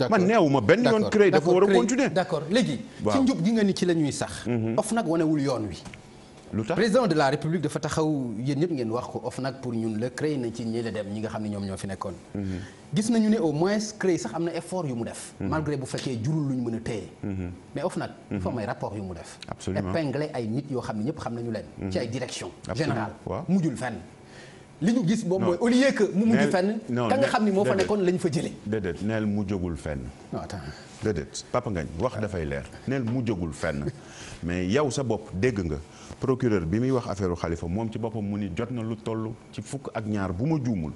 ma man neewuma benn yoon CREI dafa war a continuer. d'accord léegi. ci njub gi nga ni ci la ñuy sax. Mhm. OFNAC wanewul yoon wi. lu tax président de la république dafa taxaw yéen ñëpp ngeen wax ko nag pour ñun la CREI na ci ñi la dem ñi nga xam ne ñoom ñoo fi nekkoon. Mhm. gis nañu ne au moins CREI sax am na effort yu mu def. Mhm. malgré bu fekkee jurul lu ñu mën a téye. mais OFNAC. dafa am ay rapport yu mu def. absolument épinglé ay nit yoo xam ne ñëpp xam nañu leen. ci ay direction générale mujjul fenn. li ñu gis moom mooy au lieu que mu mujj fenn ka nga xam ni moo fa nekkoon lañ fa jëlee déedéet neel mu jógul fenn déedéet Papa ngañ wax dafay leer neel mu jógul fenn mais yow sa bopp dégg nga procureur bi muy wax affaire xalifa moom ci boppam mu ni jot na lu toll ci fukk ak ñaar bu ma juumul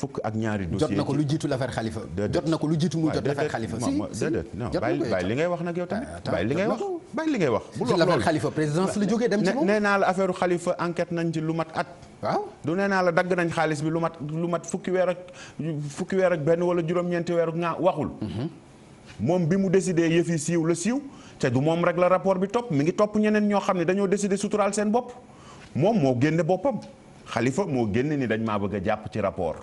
fukk ak ñaari dossier jot na ko lu jiitu l'affaire xalifa jot na ko lu jiitu muy jot l'affaire Khalifa. si déedéet li ngay wax nag yow tamit. Ah, bàyyi li ngay wax bàyyi li ngay wax. bu loolu l'affaire Khalifa présidence la jógee dem ci nee naa la affaire Khalifa enquête nañ ci lu mat at. waaw nee naa la dagg nañ xaalis bi lu mat lu mat fukki weer ak fukki weer ak benn wala juróom-ñeenti weer naa nga waxul. Mhm. moom bi mu décidé yëf yi siiw la siiw te du moom rek la rapport bi topp mu ngi topp ñeneen ñoo xam ne dañoo décidé suturaal seen bopp moom moo génne boppam xalifa moo génn ni dañ maa bëgg a jàpp ci rapport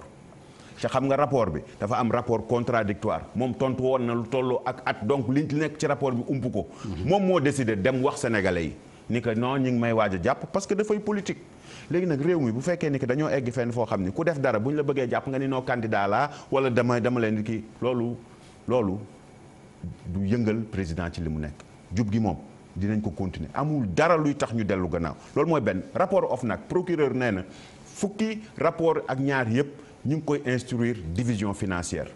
te xam nga rapport bi dafa am rapport contradictoire moom tontu woon na lu tolloo ak at donc li nekk ci rapport bi ump ko moom moo décidé dem wax sénégalais yi ni que non ñu ngi may waaja jàpp parce que dafay politique léegi nag réew mi bu fekkee ni que dañoo egg fenn foo xam ni ku def dara bu ñu la bëggee jàpp nga ni noo candidat laa wala dama dama leen kii loolu loolu du yëngal président ci li mu nekk jub gi moom dinañ ko continuer amul dara luy tax ñu dellu gannaaw loolu mooy benn rapport OFNAC procureur nee na fukki rapport ak ñaar yëpp ñu ngi koy instruire division financière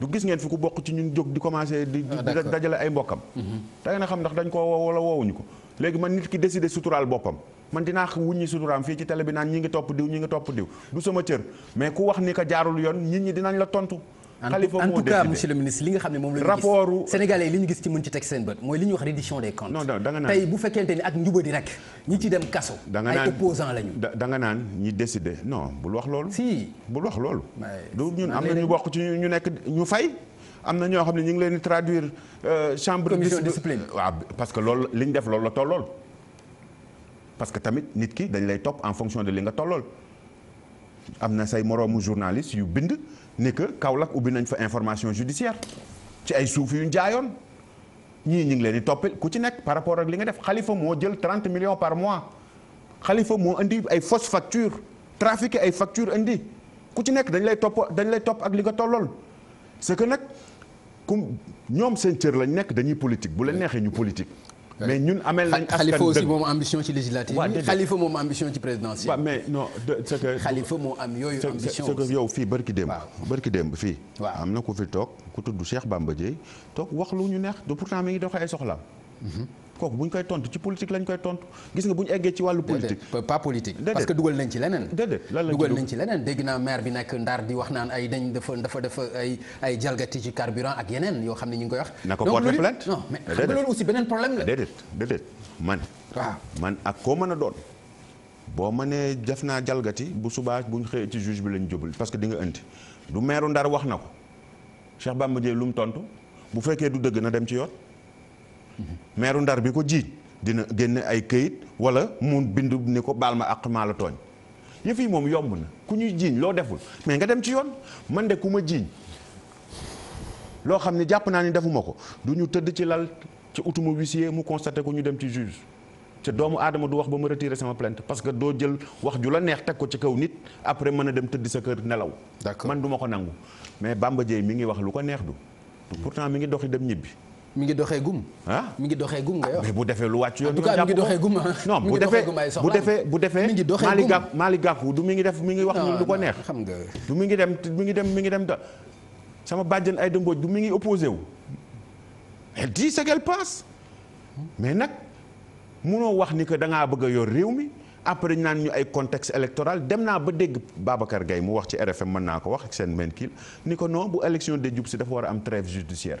du gis ngeen fi ku bokk ci ñun jóg di commencé di ah, dajale ay mbokkam mm-hmm. da ngeen a xam ndax dañ ko woo wala woowuñu ko léegi man nit ki décidé suturaal boppam man dinaa wuññi suturaam fii ci télé bi naan ñi ngi topp diw ñi ngi topp diw du sama cër mais ku wax ni ko jaarul yoon nit ñi dinañ la tontu xalifa moo décidé en tout cas monsieur le ministre li nga xam ne moom la ñu gis rapportu gis ci mën ci teg seen bët mooy li ñuy wax reddition des comptes. non non danga rek ñi ci dem kaso. ay opposants lañu danga naan ñi décidé no bul wax loolu. si bul wax loolu. du ñun am na ñu bokk ci ñu nekk ñu fay. am na ñoo xam ne ñu ngi leen di traduire euh, chambre. commission discipline waaw parce que loolu li ñu def loolu la tollool. parce que tamit nit ki dañ lay topp en fonction de li nga tollool am na say moroomu journaliste yu bind. ne que Kaolack ubbi nañ fa information judiciaire ci ay suuf yu ñu jaayoon ñii ñu ngi leen di toppil ku ci nekk par rapport ak li nga def xalifa moo jël 30 millions par mois xalifa moo indi ay fausse facture trafiqué ay facture indi ku ci nekk dañ lay topp dañ lay topp ak li nga tollool c'est que nag comme ñoom seen cër lañ nekk dañuy politique bu leen neexee ñu politique mais ñun amel nañ askan xalifa moom ambition ci législative bi xalifa moom ambition ci présidentielle. waaw mais non c'est que. yow fii barki démb. barki démb fii. am na ku fi toog ku tudd Cheikh Bamba Dièye toog wax lu ñu neex de pourtant mi ngi doxee ay soxlaam. Mhm. kooku bu ñu koy tontu ci politique lañ koy tontu gis nga bu ñu eggee ci wàllu politique pas politique parce que dugal nañ ci leneen déedéet lan lañ dugal nañ ci bi nekk Ndar di wax naan ay dañ dafa dafa dafa ay ay jalgati ci carburant ak yeneen yoo xam ne ñu ngi koy wax na ko porter plainte non mais xam nga loolu aussi man waaw man ak koo mën a doon boo mënee def naa jalgati bu subaa bu ñu xëyee ci juge bi lañ jubal parce que di nga indi du maire Ndar wax na ko Cheikh Bamba Dièye lu mu tontu bu fekkee du dëgg na dem ci yoon meeru ndar bi ko jiiñ dina génne ay këyit wala mu bind ni ko baal ma àq maa la tooñ yëf yi moom yomb na ku ñuy jiiñ loo deful mais nga dem ci yoon man de ku ma jiiñ loo xam ni jàpp naa ni defuma ko du ñu tëdd ci lal ci utuma huissier mu constaté ku ñu dem ci juge te doomu aadama du wax ba ma retirer sama plainte parce que doo jël wax ju la neex teg ko ci kaw nit après mën a dem tëdd sa kër nelaw man duma ko nangu mais bàmba Dieye mi ngi wax lu ko neex du pourtant mi ngi doxi dem ñibbi mi ngi doxee gum. ah mi ngi doxee gum mais bu defee lu wàcc yoon. ñu jàpp ko en ah. doxee gum non bu defee bu defee bu defee. mi ngi doxee gum du mi ngi def mi ngi wax ah, ñun du ko xam nga du mi ngi dem mi ngi dem mi ngi dem sama bàjjen Aïda Mbodj du mi ngi opposé wu. elle dit ce mais nag munoo wax ni que da ngaa bëgg a yor mi après ñu naan ñu ay contexte électoral dem naa ba dégg Babacar Gaye mu wax ci RFM mën naa ko wax ak seen menkil ni ko non bu élection de jub si dafa war a am trêve judiciaire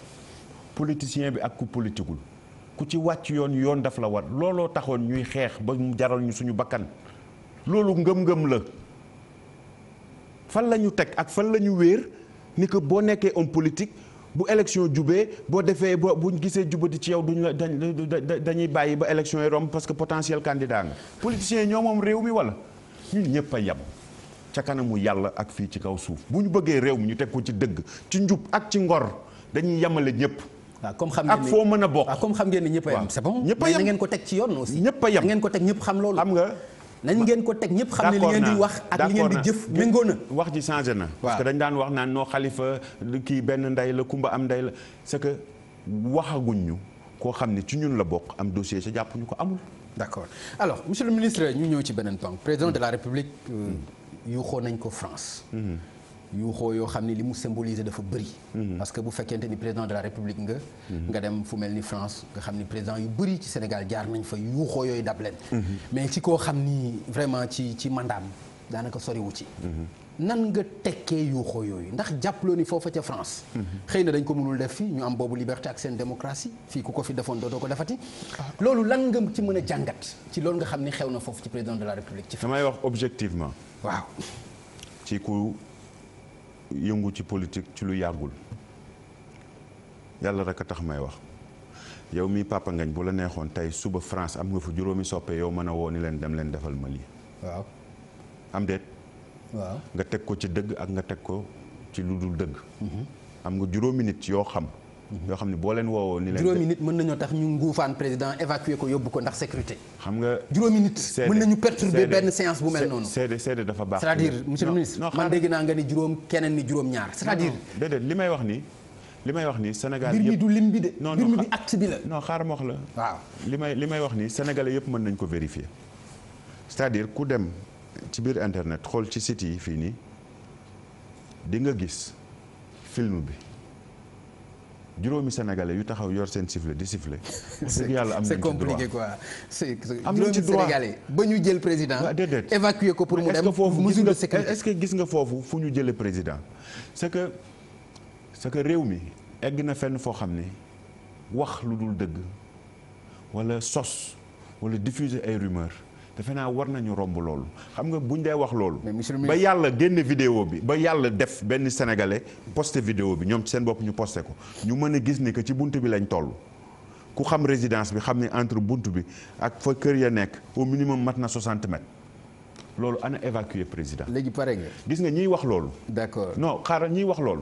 politicien bi ak ku politikul ku ci wàcc yoon yoon daf la war looloo taxoon ñuy xeex ba mu jaral ñu suñu bakkan loolu ngëm-ngëm la fan lañu teg ak fan la ñu wéer ni que boo nekkee homme politique bu élection jubee boo defee ba buñ gisee jubati ci yow duñ la dañuy bàyyi ba élection yi romb parce que potentiel candidat nga politiciens ñoo moom réew mi wala ñun ñëpp a yem ca kanamu yàlla ak fii ci kaw suuf bu ñu bëggee réew mi ñu teg ko ci dëgg ci njub ak ci ngor waaw comme xam ngeen ak a bokk comme xam ngeen ni ñëpp a yem c'est bon ñëpp a yem na ngeen ko teg ci yoon aussi ñëpp a yem ngeen ko teg ñëpp xam loolu xam nga nañ ngeen ko teg ñëpp xam ne li ngeen di wax ak li ngeen di jëf méngoo wax ji changé na parce que dañ daan wax naan noo xalifa kii benn ndey la kumba am ndey la c'est que waxaguñ ñu koo xam ni ci ñun la bokk am dossier sa jàpp ñu ko amul d'accord alors monsieur le ministre ñu ñëw ci beneen ponk président de la république euh, yuuxoo nañ ko France mm-hmm. yuuxoo yoo xam ne li mu symboliser dafa bëri. Mhm. parce que bu fekkente ni président de la république nga. Mhm. nga dem fu mel ni France nga xam ni président yu bëri ci Sénégal jaar nañ fa yuuxoo yooyu dab leen. Mhm. mais koo xam ni vraiment ci ci mandaam daanaka soriwu ci. nan nga tekkee yuuxoo yooyu ndax jàppaloo ni foofa ca France. xëy na dañ ko mënul def fii ñu am boobu liberté ak seen démocratie fii ku ko fi defoon dootoo ko defati. Ah. loolu lan nga ci mën a jàngat ci loolu nga xam ni xew na foofu ci président de la république. ci damay wax objectivement. waaw ci ku. yëngu ci politique ci lu yàggul yàlla rek a tax may wax yow mi papa ngañ bu la neexoon tey suba France am nga fa juróomi soppe yow mën a woo ni leen dem leen defal ma lii waaw am déet nga teg ko ci dëgg ak nga teg ko ci lu dul dëgg mhm. am nga juróomi nit yoo xam yoo xam ne boo leen woowoo ni leen juróomi nit mën nañoo tax ñu nguufaan président évacuer ko yóbbu ko ndax sécurité xam nga juróomi nit mën nañu perturber benn séance bu mel noonu seede seede dafa baax c'est-à-dire monsieur le ministre man dégg juróom keneen ni juróom ñaar c'est-à-dire li may wax nii li may wax ni Sénégal du lim bi de mbir mi bi acte wax la waaw li may li may wax ni sénégalais yëpp mën nañ ko vérifier cest à ku dem ci biir internet xool ci site yi fii nii di nga gis film bi juróomi sénégalais yu taxaw yor seen sifflet di sifflet. c'est yàlla am nañ ci droit c'est compliqué quoi. c'est juróomi sénégalais ñu jël président. déedéet évacuer ko pour mu dem mesure de sécurité est-ce que gis nga foofu fu ñu jële président c'est que c'est que réew mi egg na fenn foo xam ne wax lu dul dëgg wala sos wala diffuser ay rumeurs. defe naa war nañu romb loolu xam nga buñ dee wax loolu. ba yàlla génne vidéo bi ba yàlla def benn sénégalais poste vidéo bi ñoom seen bopp ñu posté ko ñu mën a gis ni que ci bunt bi lañ toll. ku xam résidence bi xam ne entre bunt bi ak fa kër ya nekk au minimum mat na 60 mètres loolu ana évacuer président. léegi pare nga. gis nga ñiy wax loolu. d'accord non xaaral ñiy wax loolu.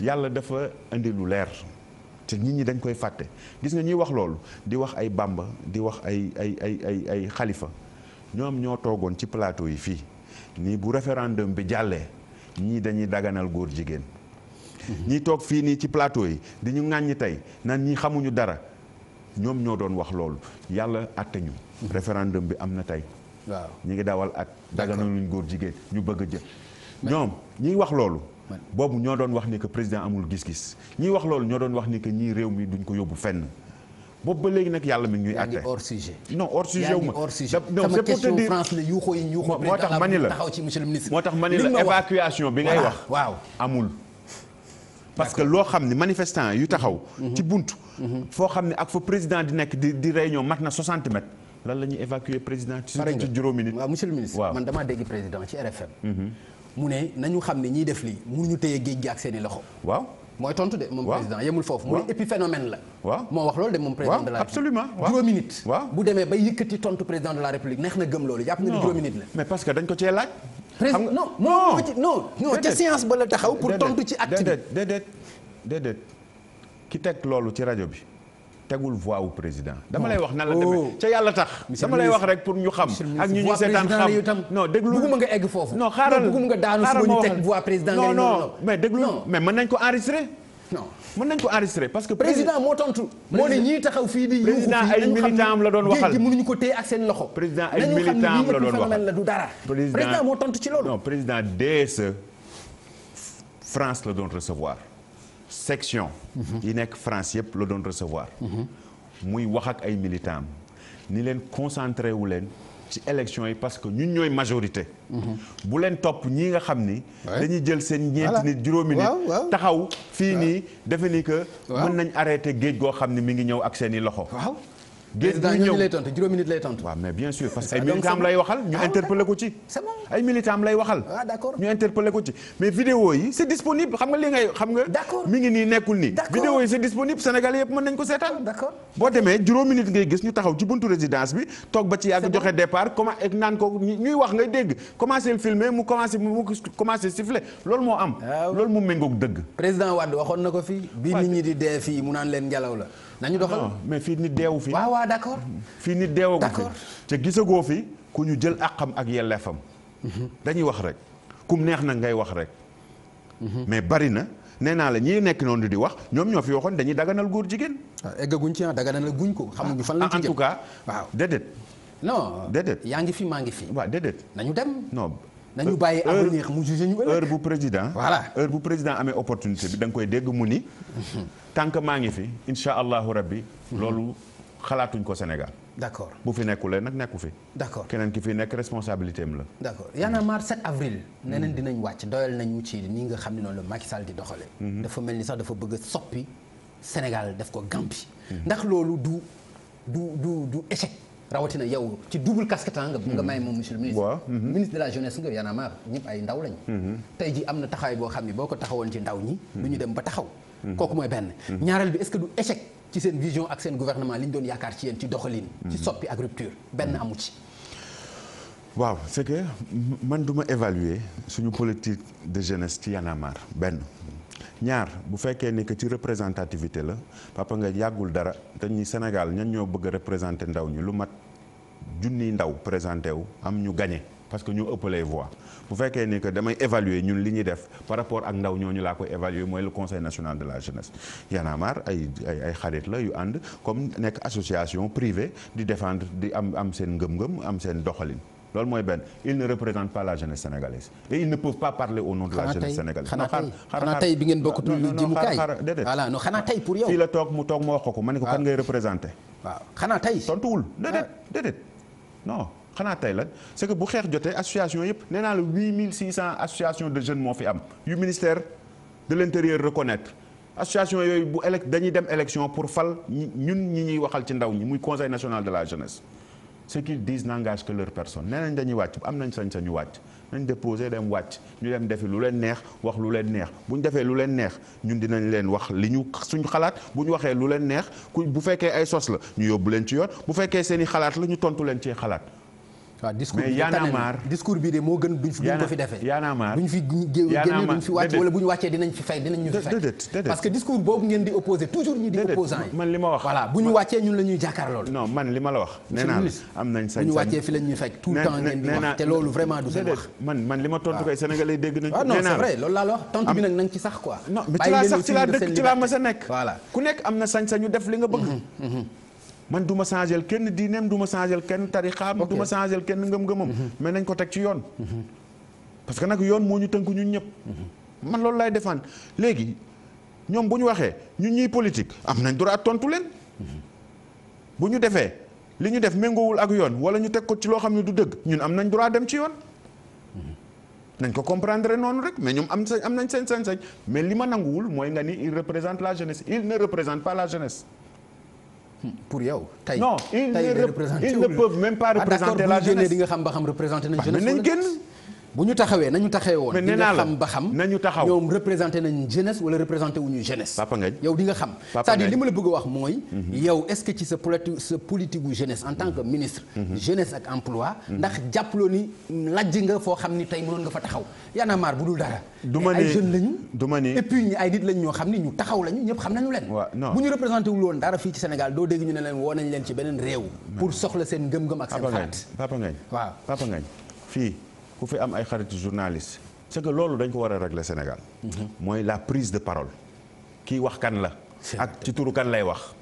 yàlla dafa indi lu leer. te nit ñi dañ koy fàtte gis nga ñuy wax loolu di wax ay Bamba di wax ay ay ay ay ay xalifa ñoom ñoo toogoon ci plateau yi fii nii bu référendum bi jàllee ñii dañuy daganal góor jigéen ñii toog fii nii ci plateau yi di ñu ŋàññi tey nan ñi xamuñu dara ñoom ñoo doon wax loolu yàlla atte ñu référendum bi am na tey waaw ñi ngi dawal at daganaluñ góor jigéen ñu bëgg a jël ñoom ñiy wax loolu boobu ñoo doon wax ni que président amul gis-gis ñiy wax loolu ñoo doon wax ni que ñii réew mi duñ ko yóbbu fenn boobu ba léegi nag yàlla mi ngi ñuy àtte hors sujet non hors sujet wu ma non c'est pour te dire moo tax ma ni la moo tax ma ni la évacuation bi ngay wax waaw amul parce que loo xam ne manifestant yu taxaw mhm. ci bunt mhm. foo xam ne ak fa président di nekk di di réunion mat na 60 mètres lan la ñuy évacuer président ci juróomi nit waaw monsieur le man damaa dégg président ci RFM mhm. mu ne nañu xam ne ñiy def lii mënuñu téye géej gi ak seeni loxo waaw mooy tontu de moom président yemul foofu mooy épiphénomène la waaw moo wax loolu de moom président de la absolument juróomi nit waaw bu demee bay yëkkati tontu président de la république neex na gëm loolu yàpp nga ni juróomi nit la mais parce que dañ ko cee laaj président non ca séance ba la taxaw pour tontu ci acte bi déedéet déedéet déedéet ki teg loolu ci rajo bi tegul voix wu président. dama oh. lay wax nan la demee oh. ca yàlla tax. dama lay wax rek pour ñu xam. ak ñu ñu seetaan xam non déglu bëgguma nga egg foofu. non xaaral bëgguma nga daanu su ñu teg voix président. non ko enregistrer. non mën nañ ko parce que. moo tontu. moo ne ñii fii di. président ay militant am la doon wax géej gi mënuñu ko téye ak seen loxo. président ay militant am la la du dara. président moo tontu ci loolu. non président dès ce France la doon recevoir. section yi nekk France yëpp la doon recevoir muy wax ak ay militants ni leen concentré wu leen ci élection yi parce que ñun ñooy majorité bu leen topp ñii nga xam ni dañuy jël seen ñeenti nit juróomi nit taxaw fii nii defe ni que mën nañ arrêté géej goo xam ni mi ngi ñëw ak seen i loxo géej bu ñëw lay tontu juróomi nit lay tontu. waaw mais bien sûr parce ay ah, militam lay waxal ñu ah, interpellé ko ci. c'est bon ay militam ah, mais vidéo yi c'est disponible xam nga li ngay xam nga. d'accord mi ngi nii nekkul nii. d'accord vidéo yi c'est disponible Sénégalais yëpp mën nañ ko seetaan. d'accord boo demee juróomi nit ngay gis ñu taxaw ci buntu résidence bi toog ba ci yàgg joxe départ comment ak naan ko ñuy wax ngay dégg commencé filmer mu commencé mu commencé siffler loolu moo am. lool mu méngoog dëgg. président Wade waxoon na ko fii. bi nit ñi di dee fii mu naan leen ngelaw la nañu ah, doxal mais fii nit deewu fi. waaw waaw d'accord. Mm-hmm. fii nit deewagu fi te gisagoo fi ku ñu jël àqam ak yelleefam. Mm-hmm. dañuy wax rek kum neex na ngay wax rek. Mm-hmm. mais bari na nee naa la ñi nekk noonu di wax ñoom ñoo fi waxoon dañuy daganal góor jigéen. waaw ah, eggaguñ ci ah daganal guñ ko xamuñu fan lañ ah, ci jëm en tout cas waaw déedéet. non yaa ngi fi maa ngi fi. waa déedéet nañu dem non. nañu bàyyi avenir mu jugé ñu heure bu président voilà heure bu président amee opportunité bi da koy dégg mu ni tant que maa ngi fi insha allahu rabbi loolu xalaatuñ ko Sénégal d'accord bu fi nekkulee nag nekku fi d'accord keneen ki fi nekk responsabilité la d'accord Y en a marre 7 avril neneen dinañ wàcc doyal nañu ci nii nga xam ne noonu la Macky Sall di doxale mhm. dafa mel ni sax dafa bëgg a soppi Sénégal def ko Gambie ndax loolu du du du du rawatina yow ci double casquette ah nga. nga may moom monsieur le ministre. waaw mhm. ministre de la jeunesse nga Y'en a marre ay ndaw lañ. Mhm. tey ji am na taxawaay boo xam ne boo ko taxawoon ci ndaw ñi. Mhm. du ñu dem ba taxaw. kooku mooy benn. ñaareel bi est-ce que du échec ci seen vision ak seen gouvernement li ñu doon yaakaar ci yéen ci doxalin. ci soppi ak rupture benn amu ci. waaw c'est que man duma évaluer suñu politique de jeunesse ci Y'en benn. ñaar bu fekkee ni que ci représentativité la papa nga yàggul dara te ñi Sénégal ñan ñoo bëgg représenté ndaw ñi lu mat junniy ndaw présenté wu am ñu gagné parce que ñu ëppalee voix bu fekkee ni que damay évaluer ñun li ñuy def par rapport ak ndaw ñooñu laa koy évaluer mooy le conseil national de la jeunesse Y'en ay ay ay xarit la yu ànd comme nekk association privée di défendre di am am seen ngëm-ngëm am seen doxalin loolu mooy benn ils ne représentent pas la jeunesse sénégalaise et ils ne peuvent pas parler au nom de la jeunesse sénégalaise xanaa tey xanaa tey bi ngeen bokkatul jimukaay déedéet voilà non tey pour yow fii la toog mu toog ma wax ko ko ma ne ah. ngay représenté waaw xanaa tey tontuwul ah. déedéet déedéet non xanaa tey la c'est que bu xeex jotee association yëpp nee naa la 8600 association de jeunes moo fi am yu ministère de l'intérieur reconnaître association yooyu bu élect dañuy dem élection pour fal ñun ñi ñuy waxal ci ndaw ñi muy conseil national de la jeunesse ce qu'ils disent n'engage que leur personne nee nañ dañuy wàcc am nañ sañ-sañu wàcc nañ déposé dem wàcc ñu dem defi lu leen neex wax lu leen neex bu defee lu leen neex ñun dinañ leen wax li ñu suñu xalaat bu ñu waxee lu leen neex ku bu fekkee ay sos la ñu yóbbu leen ci yoon bu fekkee seen i xalaat la ñu tontu leen ci xalaat waaw discours bi yaa naa maar discours bi de moo gën duñ fi duñ ko fi defee yaa naa maar duñ fi génne duñ bu ñu fi fay dinañ ñu fi fay boobu ngeen di opposé toujours ñi di opposant yi man li ma wax voilà bu ñu wàccee ñun la jàkkaar loolu non man li ma la wax nee am nañ sañ bu ñu wàccee fi te loolu vraiment du seen wax man li ma tontu koy sénégalais dégg nañ ah non c'est vrai loolu laa wax tontu bi nag nañ ci sax quoi non mais ci laa sax ci laa laa mas a man du ma changel kenn diineem du ma changel kenn tarixaam du ma changel kenn ngëm-ngëmam mhm. mais nañ ko teg ci yoon parce que nag yoon moo ñu tënk ñun ñëpp mhm. man loolu laay defaan léegi ñoom bu ñu waxee ñu ñuy politique am nañ droit tontu leen mhm. bu ñu defee li ñu def méngoowul ak yoon wala ñu teg ko ci loo xam ne du dëgg ñun am nañ droit dem ci yoon nañ ko comprendre noonu rek mais ñoom am sañ am nañ sañ sañ sañ mais li ma nanguwul mooy nga ni il représente la la jeunesse Hmm, pour yow. tey non ils ne ne peuvent même pas représenter la jeunesse. ah d'accord bu ñu génnee di nga xam ba xam représenté nañ jeunesse. mais nañ bu ñu taxawee nañu taxawee woon. mais nee naa la di nga xam ba xam. nañu taxaw ñoom représenté nañu jeunesse wala représenté wuñu jeunesse. Papa Ngagne yow xam. cest à li ma la bëgg a wax mooy. Mhm. yow est que ci sa politique sa politique gu jeunesse en tant que mhm. ministre. Mhm. jeunesse ak emploi. ndax jàppaloo ni lajj nga foo xam ni tey mënoon nga fa taxaw. Y'en a marre bu dul dara. du ma ni ay ay nit lañ ñoo xam ni ñu taxaw lañu ñëpp xam nañu leen. waaw non bu ñu représenté wul dara fii ci Sénégal doo dégg ñu ne leen leen ci beneen réew. pour soxla seen ngëm-ngëm ak seen xalaat. fii ku fi am ay xaritu journaliste c'est que loolu dañ ko war a régler Sénégal mooy la prise de parole kii wax kan la ak ci turu kan lay wax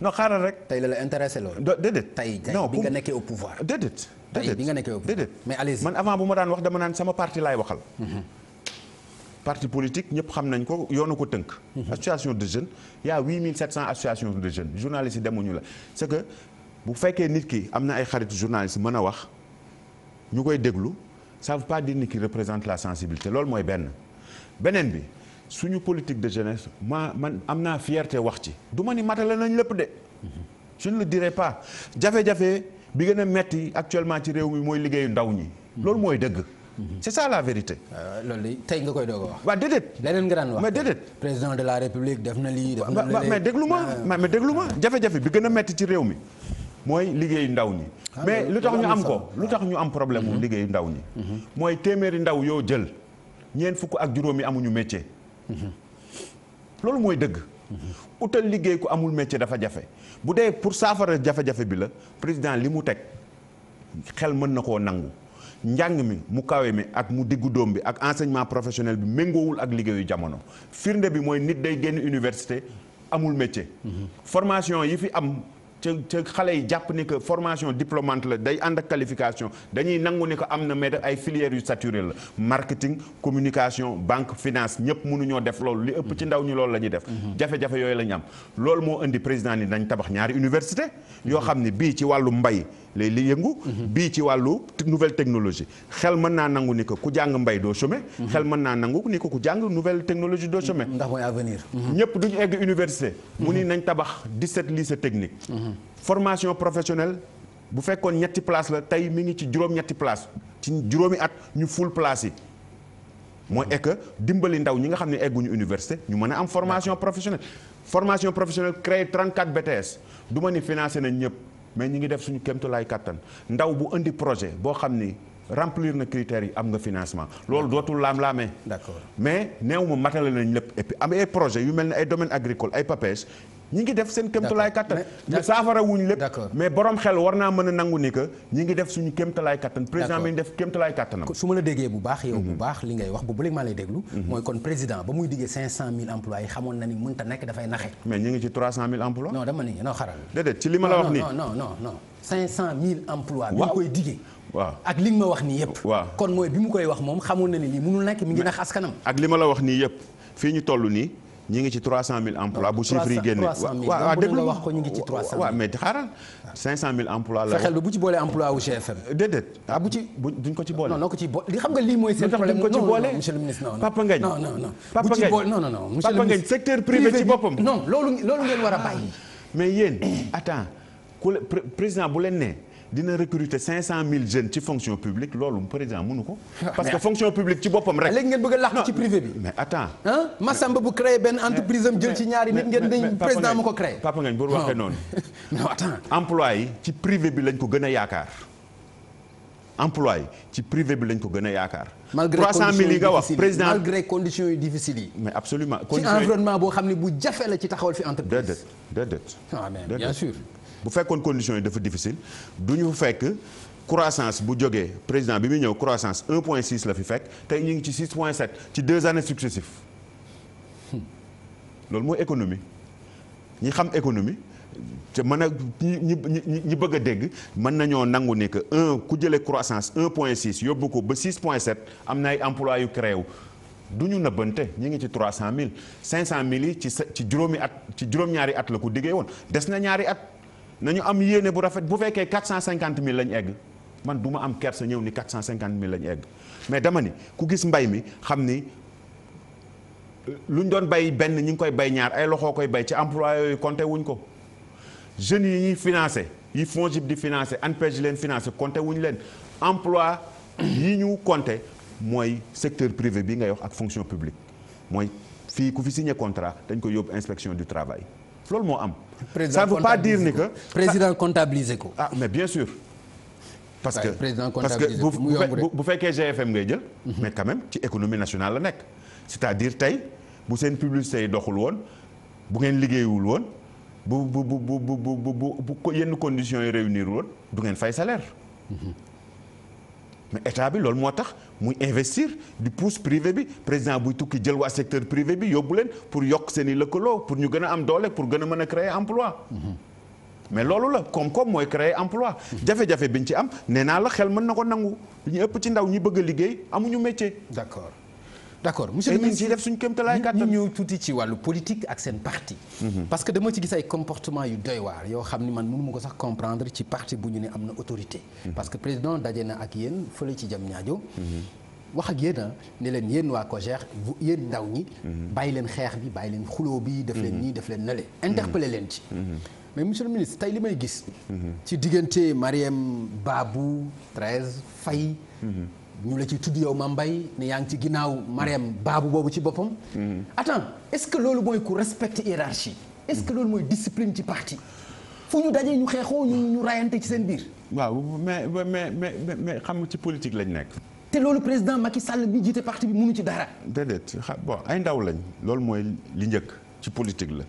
non xaaral rek. tey la la intéressé loolu. déedéet tey bi nga nekkee au pouvoir. déedéet nga nekkee mais allez man avant bu ma daan wax dama naan sama parti laay waxal. parti politique ñëpp xam nañ ko yoonu ko tënk. association de jeunes y a 8700 associations de jeunes journalistes yi demuñu la c'est que bu fekkee nit ki am na ay xaritu journaliste mën a wax ñu koy déglu. ça veut pas dire ni qui représente la sensibilité loolu mooy benn beneen bi suñu politique de jeunesse ma man am naa fierté wax ci du ma ni matale nañ lépp de je la le dirai pas jafe-jafe bi gën a metti actuellement ci réew mi mooy liggéeyu ndaw ñi loolu mooy dëgg c'est ça la vérité. Euh, loolu tey nga koy doog a wax. waaw déedéet. leneen nga daan wax mais déedéet. président de la république def na lii def na mais déglu ma ah. mais déglu ma jafe-jafe bi gën a metti ci réew mi mooy liggéeyu ndaw ñi. Ah, mais lu tax ñu am ko lu tax ñu am problème mhm. liggéeyu ndaw ñi. Mhm. mooy téeméeri ndaw yoo jël ñeent fukk ak juróomi amuñu métier. Mhm. loolu mooy dëgg. utal liggéey ko amul métier dafa jafe bu dee pour saafara jafe-jafe bi la président li mu teg xel mën na koo nangu. njàng mi mu kawe mi ak mu diggu doom bi ak enseignement professionnel bi méngoowul ak liggéeyu jamono firnde bi mooy nit day génn université amul métier. formation yi fi am ca ca xale yi jàpp ni que formation diplômante la day ànd ak qualification dañuy nangu ni ko am na mais ay filières yu saturé la marketing communication banque finance ñëpp mënuñoo def loolu. li ëpp ci ndaw ñi loolu la ñuy def. Mhm. jafe yooyu la am loolu moo indi président ni nañ tabax ñaari université yoo mhm. xam ne bii ci wàllu mbay lay li yëngu. Mhm. bii ci wàllu nouvelle technologie xel mën naa nangu ni ko ku jàng mbay doo chômer. xel mën naa nangu ni ko jàng nouvelle technologie doo chômer. ndax mooy ñëpp duñu egg université. mu ni nañ tabax 17 lycée technique. formation professionnelle bu fekkoon ñetti place la tey mi ngi ci juróom-ñetti place ci juróomi at ñu ful place yi mooy est que dimbali ndaw ñi nga xam ne egguñu université ñu mën a am formation professionnelle formation professionnelle créé 34 BTS du ma ni financé nañ ñëpp mais ñi ngi def suñu kéemtulaay kattan ndaw bu indi projet boo xam ni remplir na critères yi am nga financement loolu dootul laam-laamee d'accord mais néew ma matale nañ lépp et puis am ay yu mel ne ay domaine agricole ay papes ñi ngi def seen kéemtalaay kattan mais saafara wuñ lépp mais borom xel war naa mën a nangu ni que ñi ngi def suñu kéemtalaay kattan président mi ngi def kéemtalaay kattanam su ma la mhm. mhm. ba muy diggee cinq cent mille emplois xamoon na ni mënta nekk dafay naxe mais ñu ngi ci trois cent mille emplois non dama li ma bi mu koy diggee waaw ak li ma wax nii yëpp waaw kon mooy bi mu koy wax moom xamoon na ni lii mënul nekk mi ngi nax askanam ak li ma la wax nii yëpp fii ñu toll nii ñi ngi ci 300000 emplois bu chiffre yi génne. 300000 waaw waaw wax ko ñu ngi ci 300000 waaw mais xaaral 500000 emplois la. fexeel ba bu ci boole emploi wu GFM. déedéet ah bu ci duñ ko ci boole. non ko ci boole li nga lii Papa Ngagne non secteur privé ci boppam. non loolu ngeen war a bàyyi. mais yéen attends ku président bu leen nee. dina recruter 500000 jeunes ci fonction publique loolu président mënu ko. Ah, parce que fonction publique ci boppam rek. léegi ngeen bëgg a làq ci privé bi. mais attends. ah Massamba bu créé benn entreprise am jël ci ñaari nit ngeen dañ président mu ko créé. papa ngañ boo waxee noonu. non attends. emploi yi ci privé bi lañ ko gën a yaakaar. emploi yi ci privé bi ko gën a yaakaar. malgré 300000 yi nga wax président malgré conditions yu difficiles yi. mais absolument conditions ci environnement boo xam ne bu jafe la ci taxawal fi entreprise. déedéet déedéet. ah bu fekkoon conditions yi dafa difficile du ñu fekk croissance bu jógee président bi muy ñëw croissance 1.6 la fi fekk tey ñu ngi ci 6.7 ci deux années successives loolu mooy économie ñi xam économie te mën a ñi ñi ñi bëgg a dégg mën nañoo nangu ne que un ku jëlee croissance 1.6 yóbbu ko ba 6.7 am na ay emplois yu créé wu du ñu nëbbante ñi ngi ci 300000 500000 yi ci ci juróomi at ci juróom-ñaari at la ko diggee woon des na ñaari at. nañu am yéene bu rafet bu fekkee cinquante 000 lañu egg man du ma am kersa ñëw ni 450 000 lañ egg mais dama ni ku gis mbay mi xam ni luñ doon bay benn ñu ngi koy bay ñaar ay loxoo koy bay ci emploi yooyu compté wuñ ko jeunes yi ñuy financé yi FONGIP di financé ANPEJ leen financé compté wuñ leen emploi yi ñu compté mooy secteur privé bi ngay wax ak fonction publique mooy fii ku fi signé contrat dañ koy yóbbu inspection du travail loolu moo am. ça ne veut pas dire ni que. président comptabiliser ko. ah mais bien sûr. parce que parce que bu bu fekkee GFM ngay jël. Mhm. mais quand même ci économie nationale la nekk. c'est-à-dire tey bu seen publicité yi doxul woon bu ngeen liggéeyul woon bu bu bu bu bu yenn conditions yi réunir woon du ngeen fay salaire. Mhm. mais état bi loolu moo tax muy investir di pousse privé bi président buy tukki jël waa secteur privé bi yóbbu leen pour yokk seen i lëkkaloo pour ñu gën a am doole pour gën a mën a créer emploi mais loolu la koom-koom mooy créer emploi jafe-jafe bi ñu ci am nee naa la xel mën na ko nangu ñu ëpp ci ndaw ñi bëgg a liggéey amuñu métier d'accord d'accord monsieur le ministre def suñu kéemtalaay kàttan ñu tuuti ci wàllu politique ak seen parti. Mhm. parce que dama ci gis ay comportement yu doy waar yoo xam ni man mënu ma ko sax comprendre ci parti bu ñu ne am na autorité. Mhm. parce que président daje na ak yéen fële ci jam ñaajo mhm. wax ak yéen ah, ne leen yéen waa COJER bu yéen ndaw ñi. bàyyi leen xeex bi bàyyi leen xuloo bi. def leen nii def leen nale. interpeller leen ci. mais monsieur le ministre tey li may gis. ci diggante Mariem Babou Thérèse Faye. ñu la ci tudd yow ma mbay ne yaa ngi ci ginnaaw Marème baabu boobu ci boppam. Mm-hmm. attends est-ce que loolu mooy ku respecte hiérarchie. est-ce que loolu mooy discipline ci parti. fu ñu dajee ñu xeexoo ñu rayante ci seen biir. waaw mais mais mais mais xam nga ci politique lañ nekk. te loolu président i Sall bi jiite parti bi mu mënu ci dara. déedéet xa bon ay ndaw lañ loolu mooy li njëkk ci politique la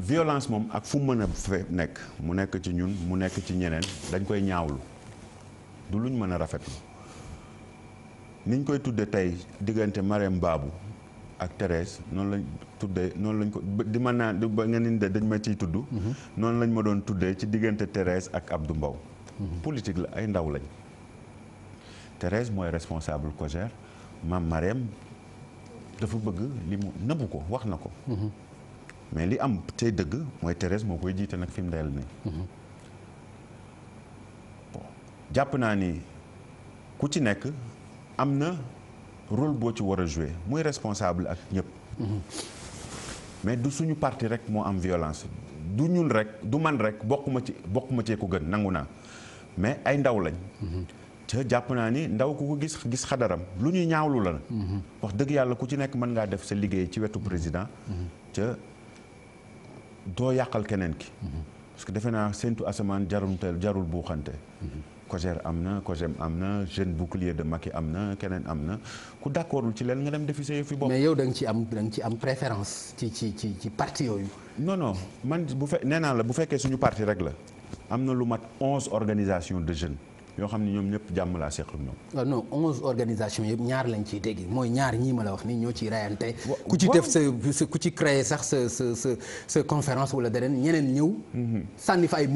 violence moom ak fu mu mën a fe nekk mu nekk ci ñun mu nekk ci ñeneen dañ koy ñaawlu du luñ mën a rafetlu. niñ koy tudde tey diggante Marème baabu ak Thérèse noonu lañ tuddee noonu lañ ko di ma naan ba nga ni dañ ma ciy tudd mhm. noonu lañ ma doon tuddee ci diggante Thérèse ak Abdou Mbow mhm. politique la ay ndaw lañ Thérèse mooy responsable COJER maam Marème dafa bëgg li mu nëbbu ko wax na ko mhm. mais li am tey dëgg mooy Thérèse moo koy jiite nag fi mu deel nii jàpp naa ni ku ci nekk am na rôle boo ci war a jouer muy responsable ak ñëpp. mais du suñu parti rek moo am violence du ñun rek du man rek bokkuma ci bokkuma cee ko gën nangu naa mais ay ndaw lañ. ca jàpp naa ni ndaw ku ko gis gis xadaram lu ñuy ñaawlu la. wax dëgg yàlla ku ci nekk mën ngaa def sa liggéey ci wetu président. ca doo yàqal keneen ki. parce que defe naa séntu asamaan jarul jarul buuxante. COJER am na COJEM am na jeune bouclier de Macky am na keneen am na ku d'accordul ci leen nga dem defi sa yëf yi mais yow da ci am da nga ci am ci ci ci ci yooyu. non non man bu fe nee naa la bu fekkee suñu parti rek la am na lu mat onze organisations de jeunes. yoo xam ne ñoom ñëpp jàmm laa seq ak ñoom. waaw ah yëpp ñaar lañ ciy dégg mooy ñaar ñii ma la wax nii ñoo ciy rayante. ku ci def sa ku ci créer sax sa sa sa sa conférence wala deneen ñeneen ñëw. Mhm. sànni fa ay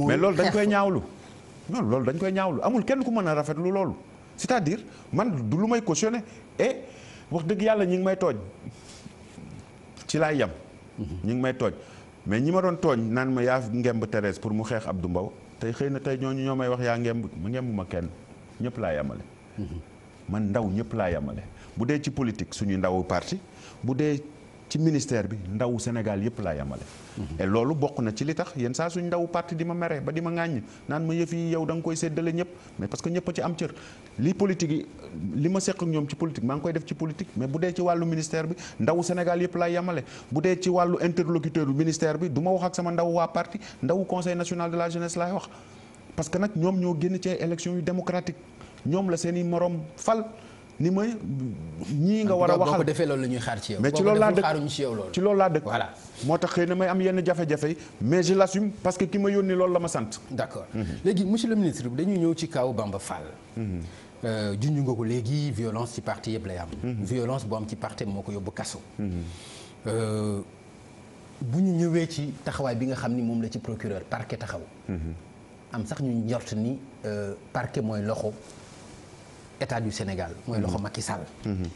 non loolu dañ koy ñaawlu amul kenn ku mën a rafetlu loolu c'est-à-dire man du lu may cautionné et wax dëgg yàlla ñi ngi may tooñ ci laay yem. ñi ngi may tooñ mais ñi ma doon tooñ naan ma yaa ngemb Thérèse pour mu xeex du mbaw tey xëy na tey ñoo ñu ñoo may wax yaa ngemb ma ngemb ma kenn ñëpp laa yemale. Mhm. man ndaw ñëpp laa yemale bu dee ci politique suñuy ndawu parti bu dee ci ministère bi ndaw Sénégal yëpp laa yamale mhm. loolu bokk na ci li tax yenn saa suñ ndaw parti di ma mere ba di ma ŋàññ naan ma yëf yi yow da nga koy séddale ñëpp mais parce que ñëpp a ci am cër li politique yi li ma seq ñoom ci politique maa ngi koy def ci politique mais bu dee ci wàllu ministère bi ndawu Sénégal yëpp laa yamale bu dee ci wàllu interlocuteur ministère bi duma wax ak sama ndaw waa parti ndawu conseil national de la jeunesse laay wax que nag ñoom ñoo génn ci élection yu démocratique ñoom la seen i morom fal ni ma ñii nga war a waxal boo loolu la ñuy xaar ci mais ci loolu laa dëkk ci loolu laa moo tax xëy na may am yenn jafe-jafe yi mais je parce que ki ma yónni loolu la ma sant d'accord mhm. léegi monsieur le ministre bi dañuy ñëw ci kaw Bamba Fall mhm. euh, juñu nga ko léegi violence ci parti yëpp lay am mhm. violence bu am ci parti moo ko yóbbu kaso euh, bu ñu ñëwee ci taxawaay bi nga xam ni moom la ci procureur parquet taxaw am sax ñu njort ni euh, parquet mooy loxo état du Sénégal mooy loxo mm-hmm. Macky Sall mm-hmm.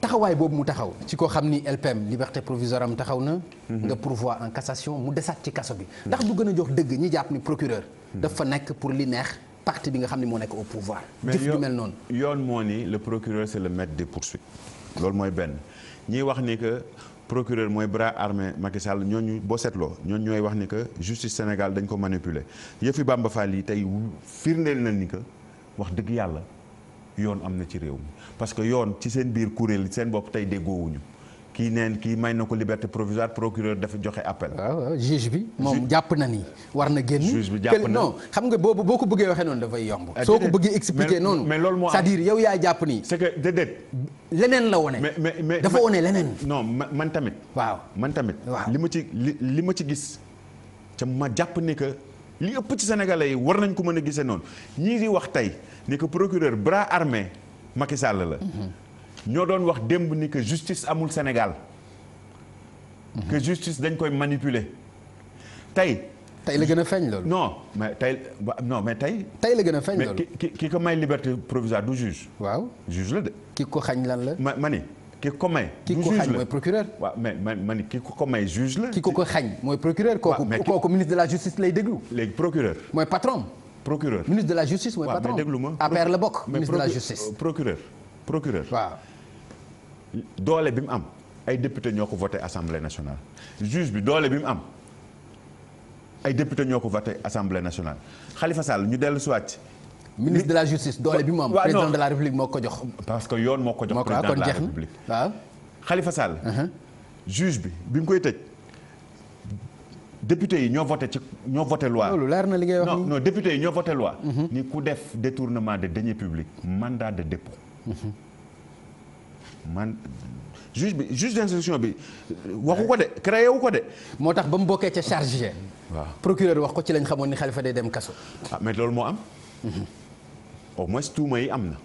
taxawaay boobu mu taxaw ci ko xam ni LPM liberté provisoire am taxaw na mm-hmm. nga pourvoi en cassation mu desaat ci kaso bi ndax du gën a jox dëgg ñi jàpp ni procureur dafa nekk pour li neex parti bi nga xam ne moo nekk au pouvoir jëf ju mel noonu yoon moo ni le procureur c'est le maître des poursuites loolu mooy benn ñiy wax ni que procureur mooy bras armé Macky Sall ñooñu boo seetloo ñooñu ñooy wax ni que justice Sénégal dañ ko manipuler yëfi Bamba Fall yi tey firndeel na ni que wax dëgg yàlla yoon am na ci réew mi parce que yoon ci seen biir kuréel seen bopp tey déggoowuñu kii neen kii may na ko liberté provisoire procureur dafa joxe appel. juge bi moom jàpp na ni war na génn. juge bi jàpp na non ah, soo ko bëggee expliquer noonu. mais loolu moo am jàpp ni. c'est que déedéet. leneen la wone. dafa wone leneen. non man tamit. waaw man tamit. li ma ci li ma ci gis. ca ma jàpp ni li ëpp ci sénégalais yi war nañ ko mën a gisee noonu ñii di wax tey ni que procureur bras armé Macky Sall la. ñoo doon wax démb ni que justice amul Sénégal. que justice dañ koy manipuler tey. tey la gën a feeñ loolu. non mais tey non mais tey. tey la gën a feeñ loolu mais ki ki ko may liberté provisoire du juge. waaw juge la de. ki ko xañ lan la. ma ma ni ki ko may. ki ko xañ mooy procureur. waaw mais man ki ko may juge la. ki ko ko xañ mooy procureur. kooku kooku ministre de la justice lay déglu. léegi procureur. mooy patron. procureur ministre de la justice mooy patron. waaw ma APR la bokk. ministre de la justice euh, procureur procureur. waaw. doole bi mu am ay député ñoo ko voté assemblée nationale juge bi doole bi mu am ay député ñoo ko voté assemblée nationale Khalifa Sall ñu dellu si waat ministre de la justice doole bi mu am. président de la république moo ko jox. parce que yoon moo ko jox. Ah, président de la république waaw. Ah. Khalifa Sall. Uh-huh. juge bi bi mu koy tëj. député yi ñoo voté ci ñoo voté loi. loolu leer na li ngay wax non non député yi ñoo voté loi. Uh-huh. ni ku def détournement de deniers publics mandat de dépôt. Uh-huh. man juge bi juge d'instruction bi waxu ko de créé wu ko de. moo tax ba mu bokkee ca chargé. waaw procureur wax ko ci lañ xamoon ni Khalifa day dem kaso. ah mais loolu moo am. au moins tuuma yi am na.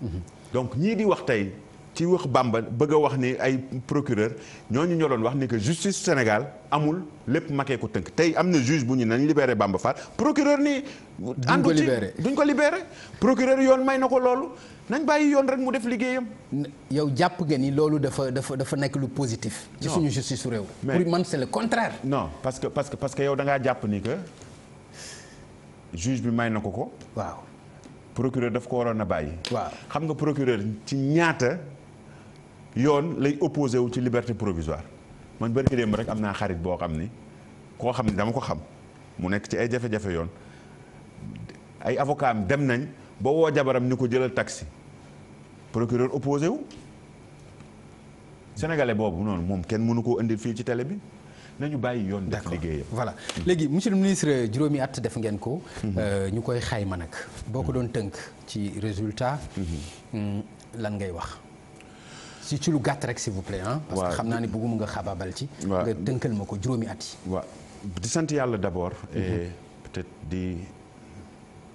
Mhm. donc ñii di wax tey ci wax Bamba bëgg a wax ni ay procureur ñooñu ñoo doon wax ni que justice Sénégal amul lépp makee ko tënk tey am na juge bu ñu nañ libéré Bamba Fall procureur nii. duñ ko libéré duñ ko libéré. procureur yoon may na ko loolu nañ bàyyi yoon rek mu def liggéeyam. yow jàpp nga ni loolu dafa dafa dafa nekk lu positif. ci suñu justice su réew. pour man c'est contraire. no parce que parce que parce que yow da jàpp ni que juge bi may na ko ko. waaw. procureur daf ko waroon a bàyyi. waaw xam nga procureur ci ñaata yoon lay opposé wu ci liberté provisoire man barki démb rek am naa xarit boo xam ni koo xam ni dama ko xam mu nekk ci ay jafe-jafe yoon ay avocat dem nañ ba woo jabaram ni ko jëlal taxi procureur opposé wu sénégalais boobu noonu moom kenn mënu koo indil fii ci tele bi. nañu bàyyi yoon def liggéeyam voilà hmm. léegi monsieur le ministre juróomi at def ngeen ko hmm. euh, ñu koy xayma nag boo ko hmm. doon tënk ci résultat lan ngay wax si ci lu gàtt rek s'il vous plaît parce que xam naa ne bëgguma nga xabaabal ci nga tënkal ma ko juróomi at yi di sant yàlla d'abord et peut-être di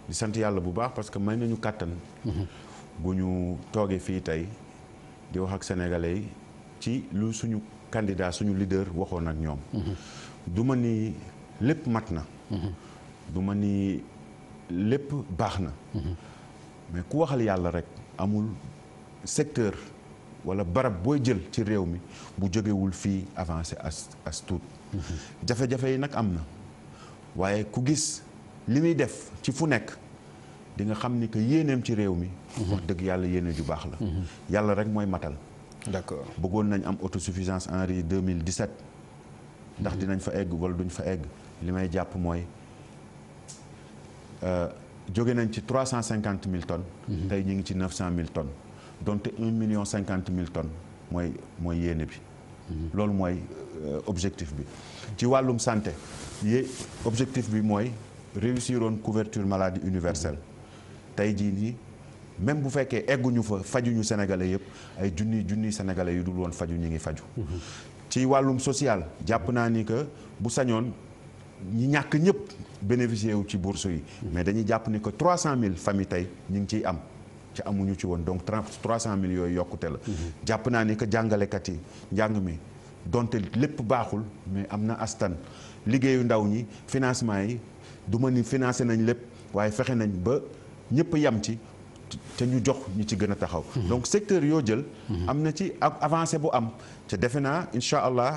di sant yàlla bu baax parce que may nañu kàttan bu ñu toogee fii tey di wax ak sénégalais ci lu suñu candidat suñu leader waxoon ak ñoom. du ma ni lépp mat na. du ma ni lépp baax na. mais ku waxal yàlla rek amul secteur wala barab booy jël ci réew mi bu jógewul fii avancé as as tuut. jafe-jafe yi nag am na waaye ku gis li muy def ci fu nekk. di nga xam ni que yéeneem ci réew mi. wax dëgg yàlla yéene ju baax la. yàlla rek mooy matal. d'accord bëggoon nañ am autosuffisance en riz 2017. ndax mhm. dinañ fa egg wala duñ fa egg li may jàpp mooy euh, jóge nañ ci trois cent cinquante mille tonnes. Mhm. tey ñu ngi ci neuf cent mille tonnes donte million cinquante mille tonnes mooy mooy yéene bi. Mhm. loolu mooy euh, objectif bi. ci wàllum santé yé objectif bi mooy réussiroon couverture maladie universelle tey jii nii. même bu fekkee egguñu fa fajuñu sénégalais yëpp ay junni junni sénégalais yu dul woon faju ñu ngi faju ci wàllum social jàpp naa ni que bu sañoon ñi ñàkk ñëpp bénéficier wu ci bourse yi mais dañuy jàpp ni que mille famille tey ñu ngi ciy am ci amuñu ci woon donc 300000 yooyu yokkute la jàpp naa ni que jàngalekat yi njàng mi donte lépp baaxul mais am na astan liggéeyu ndaw ñi financement yi du ma ni financé nañ lépp waaye fexe nañ ba ñëpp yam ci te ñu jox ñu ci gën a taxaw. donc secteur yoo jël. am na ci ab avancé bu am te defe naa incha allah.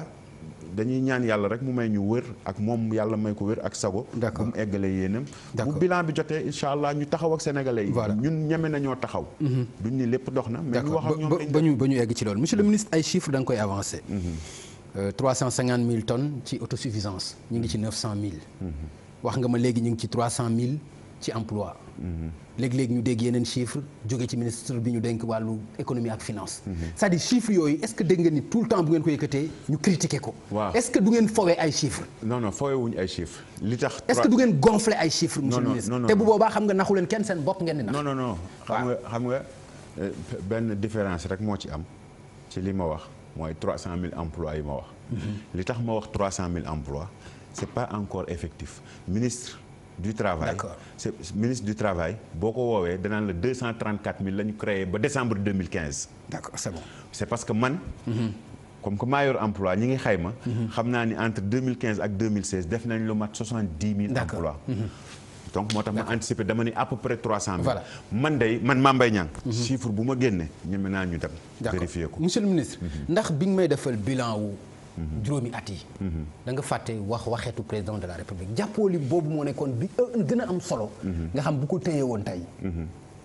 dañuy ñaan yàlla rek mu may ñu wër ak moom yàlla may ko wër ak sago bu mu eggalee yéenam bu bilan bi jotee incha allah ñu taxaw ak sénégalais yi ñun ñeme nañoo taxaw mhm. duñ ni lépp dox na mais ñu ba ñu ba ñu egg ci lool monsieur le mhm. ministre ay chiffres da koy avancé mhm. euh, trois cent cinquante mille tonnes ci autosuffisance ñu ngi ci neuf cent mille wax nga ma léegi ñu ngi ci trois cent mille ci emploi léegi léeg ñu dégg yeneen chiffre jóge ci ministre bi ñu dénk wàllu économie ak finance c'est-à-dire yooyu est-ce que dégg nga ni tout le temps bu ngeen ko yëkkatee ñu critiqué ko waaw est-ce que du ngeen fowee ay chiffres non non fowee wuñ ay chiffres li tax est-ce que du ngeen gonfler ay chiffres monsieur le ministre te bu boobaa xam nga naxu leen kenn seen bopp ngeen di nax non non non xam nga xam nga euh, benn différence rek moo ci am ci li ma wax mooy 300 000 emplois yi ma wax mhm. li tax ma wax 300 000 emplois c'est pas encore effectif ministre du travail c'est ministre du travail boo ko woowee danaan la 234000 la ñu créé ba décembre 2015. d'accord c'est bon c'est parce que man. Mhm. comme que maa yor emploi ñi ngi xayma. Mhm. xam naa ni entre 2015 ak 2016 def nañ lu mat 70000. d'accord emplois. Mhm. donc moo tax ma anticiper dama ni à peu près 300000. voilà man day man Mame Mbaye Niang. chiffre bu ma génne ñeme naa ñu dem. vérifier ko monsieur le ministre. ndax bi nga may defal bilan wu. juróomi at yi da nga fàtte wax waxeetu président de la république jàppooli boobu moo nekkoon bi euh, gën a am solo nga xam bu ko téye woon tey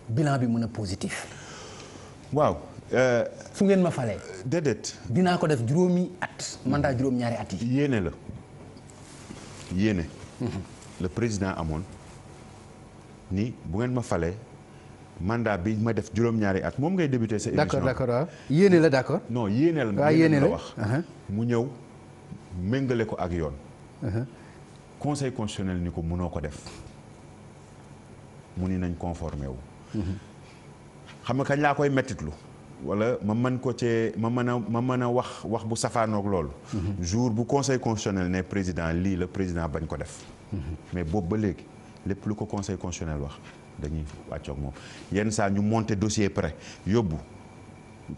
bilan bi mën a positif waaw su euh, ngeen ma falee déedéet dinaa ko def juróomi at mandat juróom-ñaari at yi yéene la yéene mhm. le président amoon ni bu ngeen ma falee mandaa bi ma def juróom-ñaari at moom ngay débuté sa émission d'accord d'accord waaw yéene la d'accord. non yéene la waaw ah, yéene wax uh-huh. mu ñëw méngale ko ak yoon. Uh-huh. conseil constitutionnel ni ko mënoo ko def mu ni nañ conformé wu. Uh-huh. xam nga kañ laa koy mettitlu wala ma man ko cee ma mën a ma mën a wax wax bu safaanoog loolu. jour bu conseil constitutionnel ne président lii la président bañ ko def. mais boobu ba léegi lépp lu ko conseil constitutionnel wax. dañuy wàccoog moom yenn saa ñu monter dossier prêt yóbbu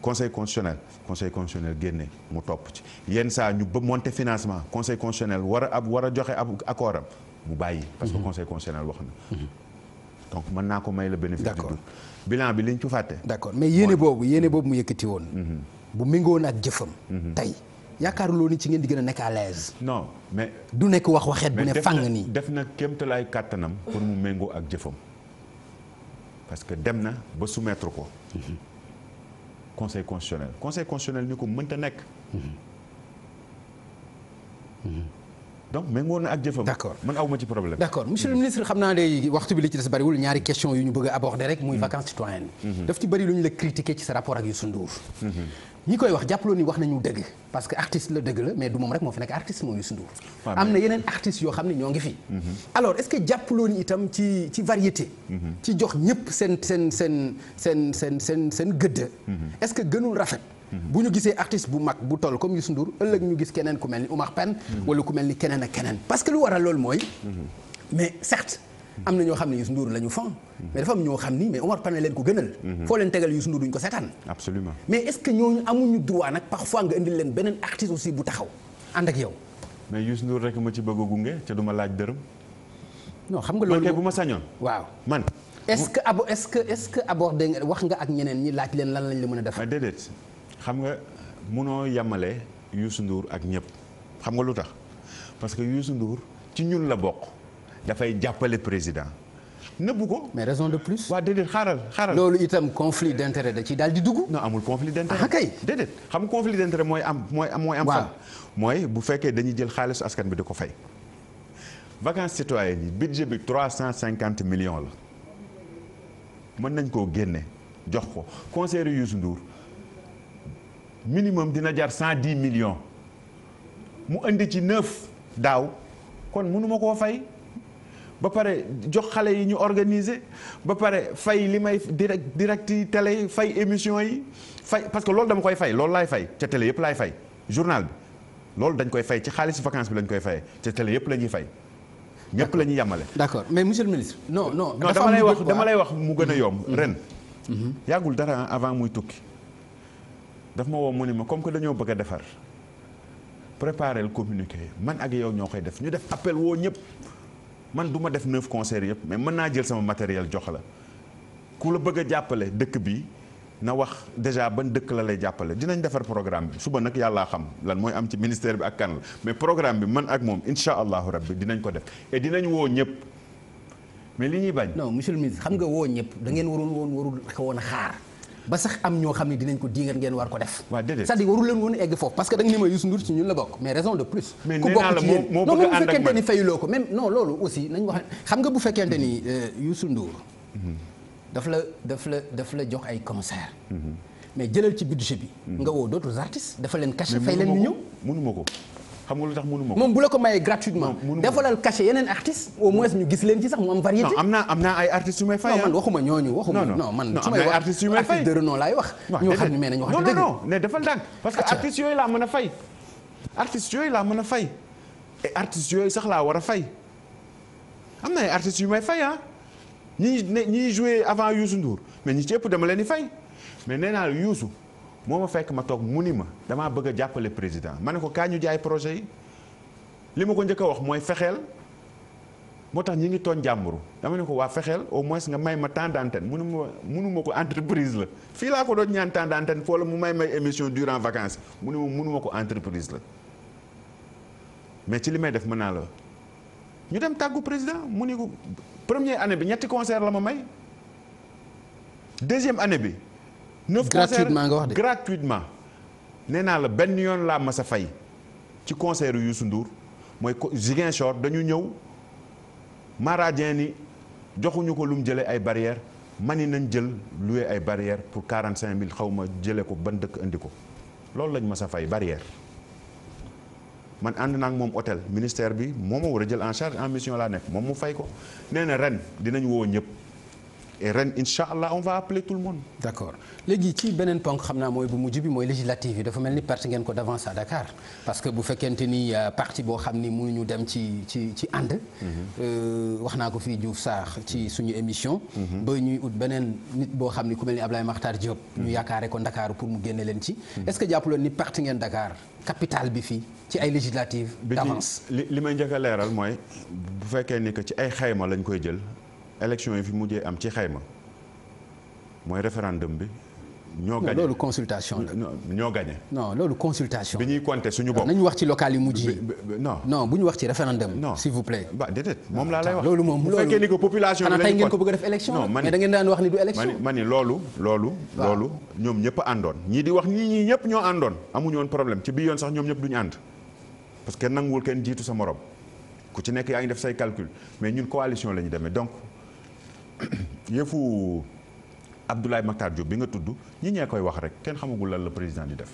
conseil constitutionnel conseil constitutionnel génne mu topp ci yenn saa ñu ba monter financement conseil constitutionnel war a ab war a joxe ab accord mu bàyyi. parce que mhm. conseil constitutionnel wax na. Mhm. donc mën naa ko may la bénéfice. d'accord bilan bi liñ ci fàtte. d'accord mais yéene boobu yéene boobu mu yëkkati woon. Mhm. bu méngoon ak jëfam. tey yaakaaruloo ni ci ngeen di gën a nekk à no mais du nekk wax waxet bu ne fang nii. def na kéemtalaay kàttanam pour méngoo ak jëfam. parce que dem na ba soumettre ko conseil constitutionnel conseil constitutionnel ni ko mënta nekk donc méngóo na ak jëfam. d'accord man aw ma ci monsieur ministre xam naa ne waxtu bi li ci des bariwul ñaari question yu ñu bëgg a aborder rek. muy mm-hmm. vacances citoyennes. Mm-hmm. daf ci bari lu ñu la critiquer ci sa rapport ak Youssou Ndour. Mm-hmm. ñi koy wax jàppaloo ni wax nañu dëgg parce que artiste la dëgg la mais du moom rek moo fi nekk artiste mooy Youssou Ndour am na yeneen artistes yoo xam ne ñoo ngi fi mhm. alors est que jàppaloo ni itam ci ci variété mhm. ci jox ñëpp seen seen seen seen seen seen seen gëdd mhm. est-ce que gënul rafet bu ñu gisee artiste bu mag bu toll comme Youssou Ndour ëllëg ñu gis keneen ku mel ni Oumar Pène wala ku mel ni keneen a keneen parce que lu waral loolu mooy mais certes am na ñoo xam ne Youssou Ndour la ñu fan mais dafa ñoo xam ni mais Omar Pène leen ko gënal mhm. foo leen tegal Youssou Ndour duñ ko seetaan absolument mais est-ce que ñooñu amuñu droit nag parfois nga indil leen beneen artiste aussi bu taxaw ànd ak yow mais Youssou Ndour rek ma ci bëgg gunge te duma laaj dërëm non xam nga loolu man bu ma sañoon waaw man est-ce que abo est-ce que est-ce que abordé nga wax nga ak ñeneen ñi laaj leen lan lañ mën a def déedéet xam nga munoo yemale Youssou Ndour ak ñëpp xam nga lu tax parce que Youssou Ndour ci ñun la bokk dafay jàppale président nëbbu ko. mais raison de plus. waa déedéet xaaral xaaral. loolu itam conflit d'intérêt da ci daal di dugg. non amul conflit d'intérêt. ah kay xam nga conflit d'intérêt mooy am mooy am. mooy am fan mooy bu fekkee dañuy jël xaalisu askan bi di ko fay. vacances citoyennes yi budget bi trois cent cinquante millions la mën nañ koo génne jox ko conseiller Youssou Ndour minimum dina jar cent dix millions mu indi ci neuf daaw kon mënuma koo fay. ba pare jox xale yi ñu organiser ba pare fay li may direct direct yi télé yi fay émission yi fay parce que loolu dama koy fay loolu laay fay ca télé yëpp laay fay journal bi loolu dañ koy fay ci xaalis vacance bi lañ koy faye ca télé yëpp la ñuy fay. ñëpp la ñuy yàmmale. d'accord mais monsieur le ministre. non non dama lay lay wax mu gën a mmh. yomb mmh. ren. Mmh. yàggul dara avant muy tukki daf ma woo mu ni ma comme que dañoo bëgg a defar préparer communiqué man ak yow ñoo koy def ñu def appel woo ñëpp. man du ma def neuf concerts yëpp mais mën naa jël sama matériel jox la ku la bëgg a jàppale dëkk bi na wax déjà ban dëkk la lay jàppale dinañ defar programme bi suba nag yàllaa xam lan mooy am ci ministère bi ak kan la mais programme bi man ak moom incha allahu rabbi dinañ ko def et dinañ woo ñëpp mais li ñuy bañ. non monsieur le ministre xam nga woo ñëpp dangeen waroon woon warul xewoon a xaar. ba sax am ñoo xam ne dinañ ko diingat ngeen war ko def c'est-à-dire warul leen woon egg foofu parce que da nga ni ma Youssou Ndour ci ñun la bokk mais raison de plus ku bokk ci yéen non même bu fekkente ni loolu aussi nañ wax xam nga bu fekkente ni euh, Youssou Ndour daf la daf la daf la jox ay concert mhm. mais jëlal ci budget bi mhm. nga woo d'autres artistes dafa leen caché fay leen ñu ñëw mënuma ko xam nga lu tax mënu ma ko moom bu la ko gratuitement. defalal cachet yeneen artistes. au moins ñu gis leen ci sax mu am variété. non am naa am naa ay artistes yu fay. non man ah. waxuma ñooñu waxuma. non man su may wax artistes yu may fay de renom laay wax. ñoo xam ne mais nañu wax dëgg yooyu laa mën a fay. artistes yooyu laa mën a fay et artistes yooyu sax laa war a fay am na ay artistes yu may fay ah ñi ñuy joué avant Youssou Ndour mais ñi ci ëpp dama leen di fay mais nee naa Youssou moo ma fekk ma toog mu ni ma damaa bëgg a jàppale président ma ne ko kaa ñu jaay projet yi li ma ko njëkk a wax mooy fexeel moo tax ñi ngi tooñ jàmburu dama ne ko waa fexeel au moins nga may ma temps d'antenne munu ma munuma ko entreprise la fii laa ko doon ñaan temps d'antenne foo la mu may may émission durant vacances mu ne ma munu ma ko entreprise la mais ci li may def mën naa la ñu dem tàggu président mu ni ko première année bi ñetti concert la ma may deuxième année bi neuf concerts gratuitement nga wax de gratuitement nee naa la benn yoon laa mas a fay ci concert yu Youssou Ndour mooy Ziguinchor dañu ñëw maradien ni joxuñu ko lu mu jëlee ay man mani nañ jël loué ay barrières pour quarante cinq mille xaw ma jële ko ban dëkk indi ko loolu lañ mas a fay barrière man ànd naa ak moom hôtel ministère bi moo ma war a jël en charge en mission laa nekk moom mu fay ko nee na ren dinañ woo ñëpp. et ren incha allah on va appeler tout le monde. d' accord léegi ci beneen ponk xam naa mooy bu mujj bi mooy législative yi dafa mel ni perte ngeen ko d' avance à parce que bu fekkente ni euh, parti boo xam ni mënuñu dem ci ci ci ànd. Mhm. Euh, wax naa ko fii Diouf Sarr ci mhm. suñu émission. Mhm. ñuy ut beneen nit boo xam ni ku mel ni Ablaye Makhtar Diop. ñu yaakaare ko Ndakaaru pour mu génne leen ci. est ce que jàpp loon ni perte ngeen Dakar capital bi fii ci ay législative d' avance li may njëkk leeral mooy bu fekkee ni que ci ay xayma lañ koy jël. élection yi fi mujjee am ci xayma mooy référendum bi. ñoo gagné loolu consultation la ñoo gagné. non loolu consultation. bi ñuy compter suñu bopp nañu wax ci local yi mujj yi. non non bu ñu wax ci référendum. non s'il vous plaît. ba déedéet moom laa lay wax. loolu moom loolu ngeen ko bëgg a def élection. non man mais da ngeen daan wax ni du élection. man ni loolu. loolu loolu ñoom ñëpp àndoon. ñii di wax ñii ñii ñëpp ñoo àndoon. amuñu woon problème ci bii yoon sax ñoom ñëpp duñu ànd parce que nanguwul kenn jiitu sa morom ku ci nekk a ngi def say calcul mais ñun coalition la ñu demee donc yëfu Abdoulaye Makhtar Diop bi nga tudd ñi ñee koy wax rek kenn xamagul lan la président di def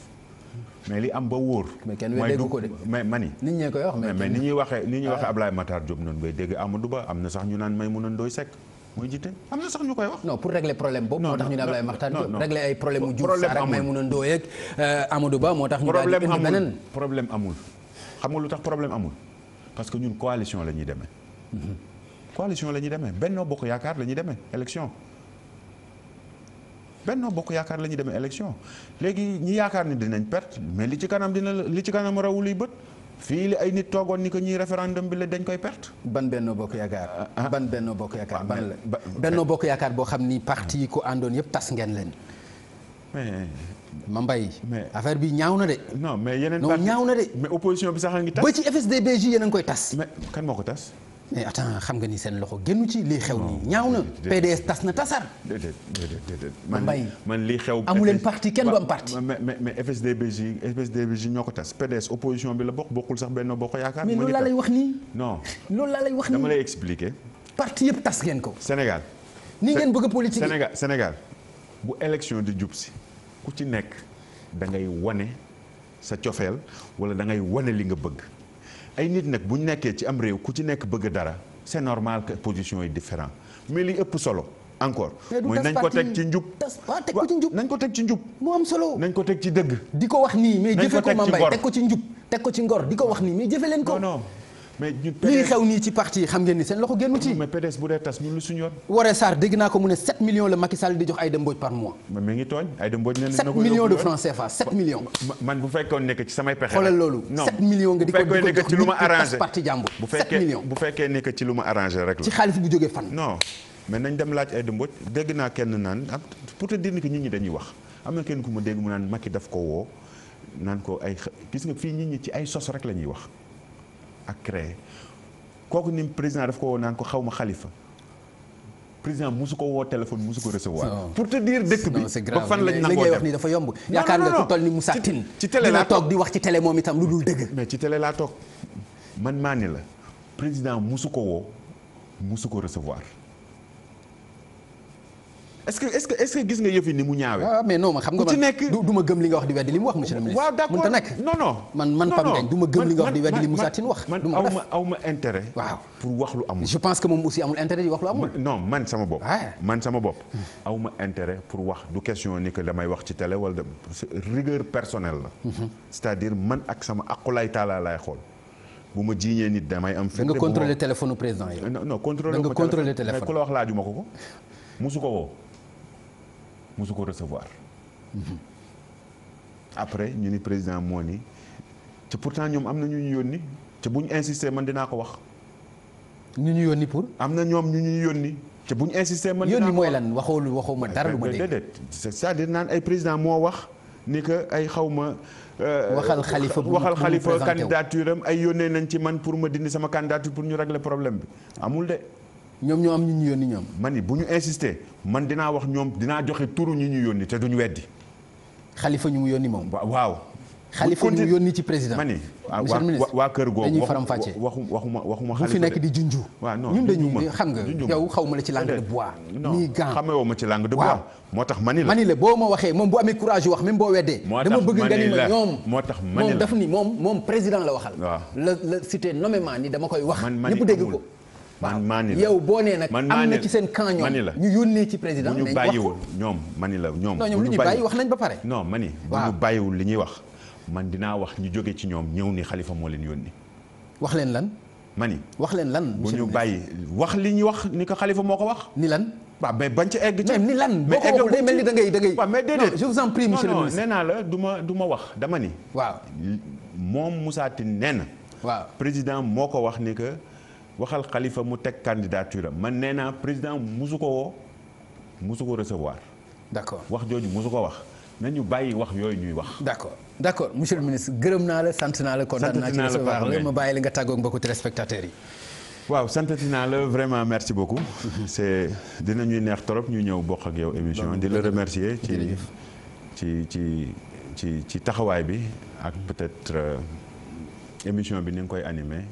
mais li am ba wóor. mais kenn dégg ko de mais mani. nit ñee koy wax mais ni ñuy waxee ni ñuy waxee ah. Abdoulaye Makhtar Diop noonu ngay dégg Amadou Ba am na sax ñu naan Maïmouna Ndoye Seck mooy jiite am na sax ñu koy wax. non pour régler problème boobu. moo tax ñu ne Abdoulaye Makhtar Diop régler ay problème mu Diouf Sarr ak Maïmouna Ndoye ak euh, Amadou Ba moo tax. ñu daal di indi beneen problème amul xam nga lu tax problème amul parce que ñun coalition la ñuy demee mhm. coalition la ñuy demee Benno Bokk Yaakaar la ñuy demee élection Benno Bokk Yaakaar la ñuy demee élection léegi ñi yaakaar ni dinañ perte mais li ci kanam dina li ci kanam rawul luy bët fii li ay nit toogoon ni que ñuy référendum bi la dañ koy perte. ban Benno Bokk Yaakaar. Ah, ah. ban Benno Bokk Yaakaar ban la Benno Bokk Yaakaar boo xam ni parti yi ko àndoon yëpp tas ngeen leen. mais. ma mbay affaire bi ñaaw na de. non mais yeneen. ñaaw na de. mais opposition bi sax a ngi tas. ba ci FSD/BJ yéen koy tas. mais kan ko tas. mais attends xam nga ni seen loxo génnu ci lii xew nii ñaaw na PDS tas na tasar déedéet déedéet mbay man lii xew amu leen parti kenn du am parti mais mais FSDBJ FSDBJ ñoo ko tas PDS opposition bi la bokk bokkul sax benn bokk yaakaar mais loolu laa lay wax nii non loolu laa lay wax nii dama lay expliquer parti yëpp tas ngeen ko Sénégal ni ngeen bëgg a politique Sénégal Sénégal bu élection di jub si ku ci nekk da ngay wane sa cofeel wala da ngay wane li nga bëgg ay nit nag bu ñu nekkee ci am réew ku ci nekk bëgg dara c'est normal que position yi différent mais li ëpp solo encore mooy nañ ko teg ci njub teg ko ci njub nañ ko teg ci njub moo am solo nañ ko teg ci dëgg di ko wax nii mais jëfe ko ma mbay teg ko ci njub teg ko ci ngor di ko wax nii mais jëfe leen ko mais ñun xew nii ci parti yi xam ngeen ni seen ko mu ne 7 millions la Macky Sall di jox mi ngi tooñ Aïda Mbodj nee na 7 millions de francs CFA man bu fekkoon nekk ci samay pexe. xoolal loolu 7 millions nga di ko di ko jox nit ku tas parti jàmbur. 7 millions bu fekkee nekk ci lu ma arrangé rek la. ci xaalis bu jógee fan. non mais nañ dem laaj Aïda Mbodj dégg naa kenn naan ah, pour te dire que nit ñi dañuy wax am na kenn ku ma dégg mu naan Macky daf ko woo naan ko ay gis nga fii nit ñi ci ay sos rek la ñuy wax ak créer kooku ni président daf ko woo naan ko xaw ma xalifa président musu ko woo téléphone musu ko recevoir. pour te dire dëkk bi ba fan lañ nangoo def wax ni dafa yomb. yaakaar nga ku toll ni Moussa Tine ci télé laa toog di wax ci télé moom itam lu dul dëgg. mais ci télé laa toog man maa ni la président musu ko woo musu ko recevoir. est-ce que est-ce que gis nga yëf ni mu ñaawee. waaw ah, mais non man xam nga man du ma gëm li nga wax di weddi li mu wax monsieur le ministre. waaw d'accord non non. man man Pape Ngagne je pense que moom aussi amul intérêt di wax lu amul. man sama bopp. man sama bopp. Hmm. aw ma intérêt pour wax du question ni que damay wax ci télé wala rigueur personnelle la. Hmm. c'est-à-dire man ak sama akulaay taalaa laay xool. ma jiiñee nit damay am. firnde bu ma da nga contrôler téléphone président yi. non non contrôler. téléphone ku la wax laajuma ko ko musu ko wow mosu ko recevoir. Mhm. après ñu ni président moo ni te pourtant ñoom am na ñu ñu yónni te bu ñu insister man dinaa ko wax. ñu ñu yónni pour. am na ñoom ñu ñu yónni. te bu ñu insister man dinaa ko wax yónni mooy lan ma dara lu ma dégg. déedéet c'est-à-dire naan ay président moo wax ni que ay xaw ma. Euh, waxal xalifa waxal xalifa candidature am ay yónnee nañ ci man pour ma dindi sama candidature pour ñu régler problème bi amul de. ñoom ñoo am ñu ñu yónni ñoom. man bu ñu insister man dinaa wax ñoom dinaa joxe turu ñu ñu yónni te duñu weddi. xalifa ñu mu yónni moom. waaw. xalifa ñu mu yónni ci président. ma ni waa kër googu dañuy faram fàccee waxuma waxuma xalifa fi nekk di junju. waaw non ñun dañuy xam nga xaw ma la ci langue de bois. nii gan xamewoo ma ci langue de moo tax mani la mani la boo ma waxee moom bu amee courage wax même boo weddee. dama bëgg nga ni moo tax mani la moom ni moom moom président la waxal. waaw la la cité nommément ni dama koy wax. ñëpp dégg ko man maa ni la yow boo nee nag am na ci seen camp ñoom ñu yónnee ci président bu ñu bàyyiwul ñoom mani la ñoom non ñoom lu ñu bàyyi wax nañ ba pare non mani bu ñu bàyyiwul li ñuy wax man dinaa wax ñu jóge ci ñoom ñëw ni xalifa moo leen yónni wax leen lan mani wax leen lan ñu bàyyi wax li ñuy wax ni ko xalifa moo ko wax ni lan waaw mais bañ ci egg ci ni lan boo ko waxul mel ni da ngay da ngay waaw mais déedéet je vous en prie monsieur le ministre la du ma du ma wax dama ni waaw moom Moussa Tine nee na waaw président moo ko wax ni que waxal xalifa mu teg candidature am man nee naa président musu ko woo musu ko recevoir. d'accord wax jooju musu ko wax nañu bàyyi wax yooyu ñuy wax. d'accord d'accord monsieur le ministre gërëm naa la sant naa la. kontaan naa ci recevoir la ma bàyyi la nga tàggoog mbokku téléspectateurs yi. waaw santati naa la vraiment merci beaucoup. c'est dinañuy neex trop ñu ñëw bokk ak yow émission di la remercier ci ci ci ci ci taxawaay bi ak peut-être euh, émission bi ni nga koy animer.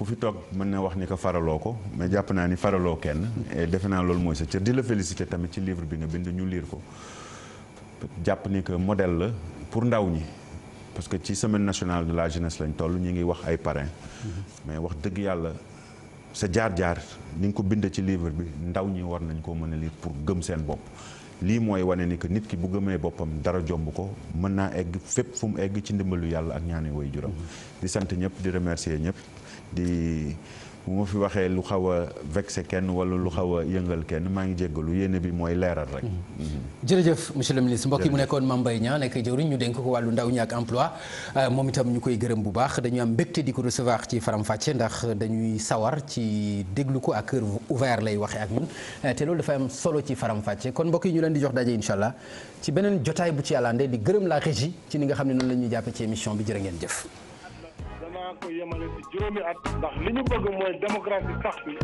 ku fi toog mën na wax ni ko faraloo ko mais jàpp naa ni faraloo kenn et defe naa loolu mooy sa cër di la tamit ci livre bi nga bind ñu liir ko jàpp ni que modèle la pour ndaw ñi parce que ci semaine nationale de la jeunesse lañ toll ñu ngi wax ay parrain mm-hmm. mais wax dëgg yàlla sa jaar-jaar ni nga ko bind ci livre bi ndaw ñi war nañ koo mën a lire pour gëm seen bopp lii mooy wane ni que nit ki bu gëmee boppam dara jomb ko mën naa egg fépp fu mu egg ci ndimbalu yàlla ak ñaani way juram mm-hmm. di sant ñëpp di ñëpp di bu ma fi waxee lu xaw a vexé kenn wala lu xaw a yëngal kenn maa ngi jéggalu yéene bi mooy leeral rek. Mm-hmm. Mm-hmm. jërëjëf monsieur le ministre mbokk yi mu nekkoon Mame Mbaye Niang nekk jëwriñ ñu dénk ko wàllu ndaw ñi ak emploi euh, moom itam ñu koy gërëm bu baax dañu am mbégte di ko recevoir ci Faram Facce ndax dañuy sawar ci déglu ko à cœur ouvert lay waxee ak ñun euh, te loolu dafa am solo ci Faram Facce kon mbokki ñu leen di jox daje incha allah ci beneen jotaay bu ci yàlla di gërëm la régie ci ni nga xam ne noonu la ñuy jàppee ci émission bi jërë ngeen naa ko yemale ci juróomi at ndax li ñu bëgg mooy démocratie sax bi